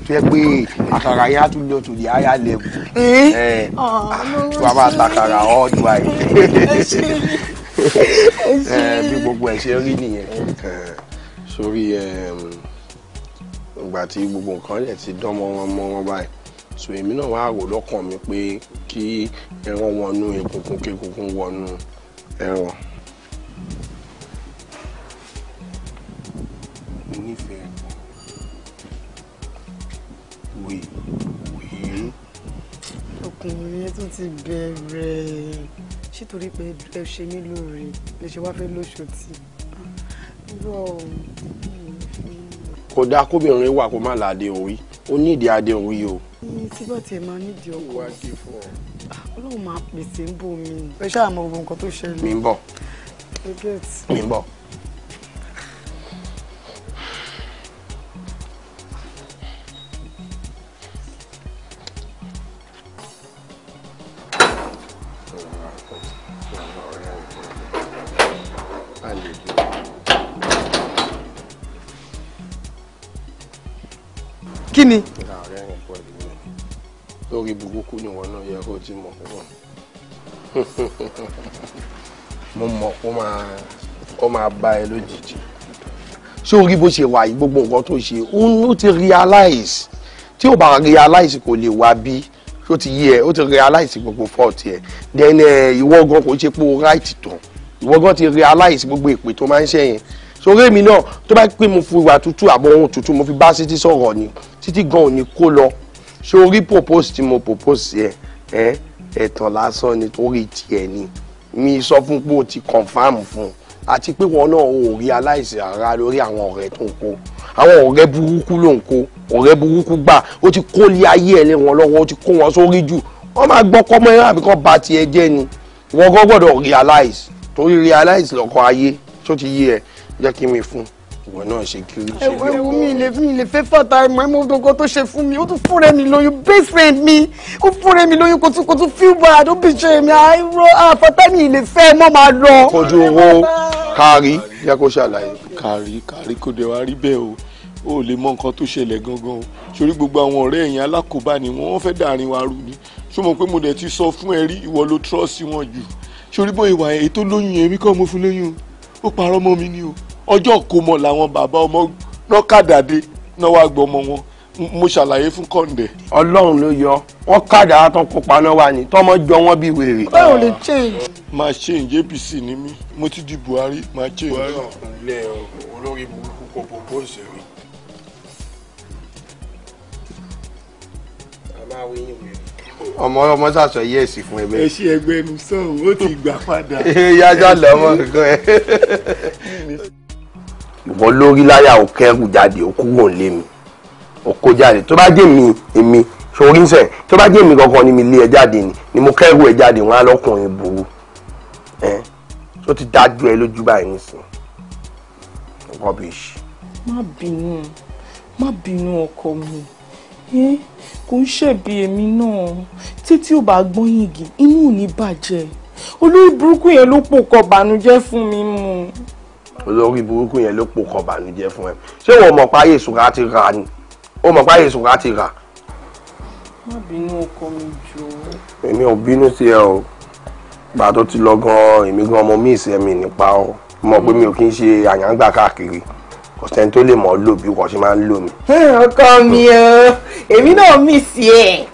tó yẹ pé àkàrà yẹn á tún lọ to the higher level ẹ tó a máa takàrà all the way eh, eh, eh, bí gbogbo ẹ ṣe rí nìyẹn sórí ehm, ìgbà tí gbogbo nǹkan rẹ̀ ti dán wọn mọ́ wọn báyìí so èmi náà wá rò lọ́kàn mi pé kí ẹran wọnú egungun kégungun wọnú ẹran. wèé wèé. ọkùnrin yẹn tún ti bẹ̀rẹ̀ ṣé torí pé ẹ ṣe mí lóore lè ṣe wá fẹ́ lóṣù tí. kò dáa kóbìnrin wà kó má la àdéhùn wí ó ní ìdí àdéhùn wí o. tí bá tiẹ̀ máa nídìí ọkọ ah, ọlọ́run máa pèsè ń bò mí ẹ ṣáà mọ gbogbo nǹkan tó ṣẹlẹ̀. mi ń bọ̀ mi ń bọ̀. kí ni. ààrẹ ń bọ lórí burúkú ni wọn náà yẹ kó tí mọ fún wọn mo mọ kó máa kó máa bá ẹ lójijì ṣé o bó ṣe wà yìí gbogbo nǹkan tó ṣe ó ti realize tí ò bá realize kò lè wá bí ó ti yé ẹ ó ti realize gbogbo fault ẹ then eh, ìwọ gan kò ṣe pé o right tán ìwọ gan ti realize gbogbo ìpè tó máa ń ṣe sórí èmi náà tó bá pé mo fi ìwà tútù àbọ̀ ohun tútù mo fi bá títí sọ̀rọ̀ ni títí gan ò ní kó lọ sórí propose tí mo propose yẹ ẹ ẹ̀tàn lásán ni torí tiẹ̀ ni mi sọ fún pé o ti confam fún un àti pé wọn náà ò rí aláìsí ara lórí àwọn ọ̀rẹ́ tó ń kó àwọn ọ̀rẹ́ burúkú ló ń kó ọ̀rẹ́ burúkú gbà ó ti kó lé ayé ẹ̀ lé wọn lọ́wọ́ ó ti kó wọn sórí jù wọ́n máa gbọ́ kọ́mọ ẹ̀rọ àbí kan ba tiẹ̀ jẹ́ ni wọ́n gbọ́dọ̀ realize torí realize lọ́kọ̀ ayé tó ti yé ẹ̀ jẹ́ kí mi fún ìwọ náà ṣe kí o ṣe lọ́kọ́. ẹ̀wọ̀n mi lè mi lè fẹ́ fàtà ẹ̀mọ́ ẹ̀mọ́ gbogbo tó ṣe fún mi ó tún fún rẹ̀ mi lóyún best friend mi ó fún rẹ̀ mi lóyún kò tún feel bad ó bì ṣe mi àìró àfọ́tà mi lè fẹ́ mọ́ máa lọ. kojú owó kárí jẹ́ kó ṣàlàyé. kárí kárí kò dé wá rí bẹ́ẹ̀ o o lè mọ nǹkan tó ṣẹlẹ̀ gangan o sórí gbogbo àwọn ọ̀rẹ́ ẹ̀yìn alákòóbá ni wọ́n fẹ́ dàrin wa rú ni ṣó pé mo dẹ̀ ti sọ fún ẹ rí ìwọ ló trọ́ọ̀sì wọn jù sórí bó ìwà èyí lóyún yẹn mi kọ́ mo fún lóyún o ó parọ́ mọ́ mi ni o ọjọ́ kòmọ̀ làwọn bàbá ọmọ náà kàdàdé náà wàá gbọ́ ọmọ wọn mo ṣàlàyé fún kọ́ńdé. ọlọ́run ló yọ wọ́n kàdà tán kópa náà wà ní tọ́mọ jọ wọ́n bí wèrè. báwo lè change. máa change apc ni mí mo ti di buhari máa change. buhari ọ̀lẹ́ olórí burúkú kò propose rí. ọmọ ọmọ sàṣọ yẹ́ẹ̀sì fún ẹgbẹ́. ẹ ṣe ẹgbẹ́ ẹnu sọ̀rọ̀ ó ti gbà padà. yájá lọ́mọ nǹkan ẹ ìwọ lórí láyà ò kẹrù jáde ò kúrò nílé mi ò kó jáde tó bá jẹ́ mi èmi sori ń sẹ̀ tó bá jẹ́ mi kankan ni mi lé ẹ jáde ni ni mo kẹrù ẹ jáde wọn á lọkùnrin burú ẹ tó ti dájú ẹ lójú báyìí nísìn rubbish. má bínú má bínú ọkọ mi kò ń ṣẹ̀bi èmi náà títí ò bá gbọ́n yìngì inú ò ní bàjẹ́ olórí burúkú yẹn ló pò bànújẹ́ fún mi mu olórí burúkú yẹn ló pò kọ bànújẹ́ fún ẹ ṣé wọn mọ̀ páyé ìṣúra ti rà ni ó mọ̀ páyé ìṣúra ti rà. má bínú ọkọ mi jù ú. èmi ò bínú sí ẹ o gbà tó ti lọ gan èmi gan ọmọ mi ìsẹ́mi nípa ọ mọ̀ pé mi ò kí ń ṣe àyàngbà káàkiri kò sẹ́ni tó lè mọ̀ ọ́ lò bí wọ́n ṣe máa ń lò mí. ọkọ mi o èmi náà mì sí ẹ.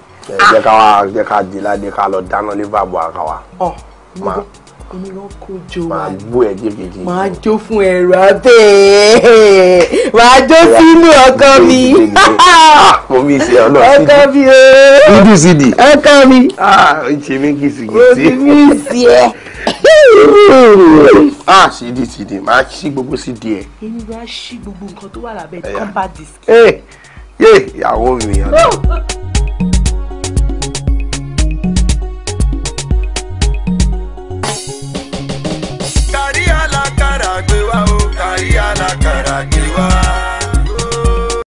jẹ́ ká wá jẹ́ ká di ládé ká lọ dáná lé bàbá wa ká wa èmi náà kó jo máa gbó ẹ jẹjẹjẹ máa jó fún ẹrọ abẹ máa jó sínú ọkọ mi ọkọ mi o dúdú sídì ọkọ mi ṣe mí kìsìkìsì mi sí ẹ. a ah, sídì sídì máa ṣí gbogbo sídì ẹ. èmi bá ṣí gbogbo nǹkan tó wà lábẹ́ compact disc. ee ìyàwó mi ọ̀dọ́.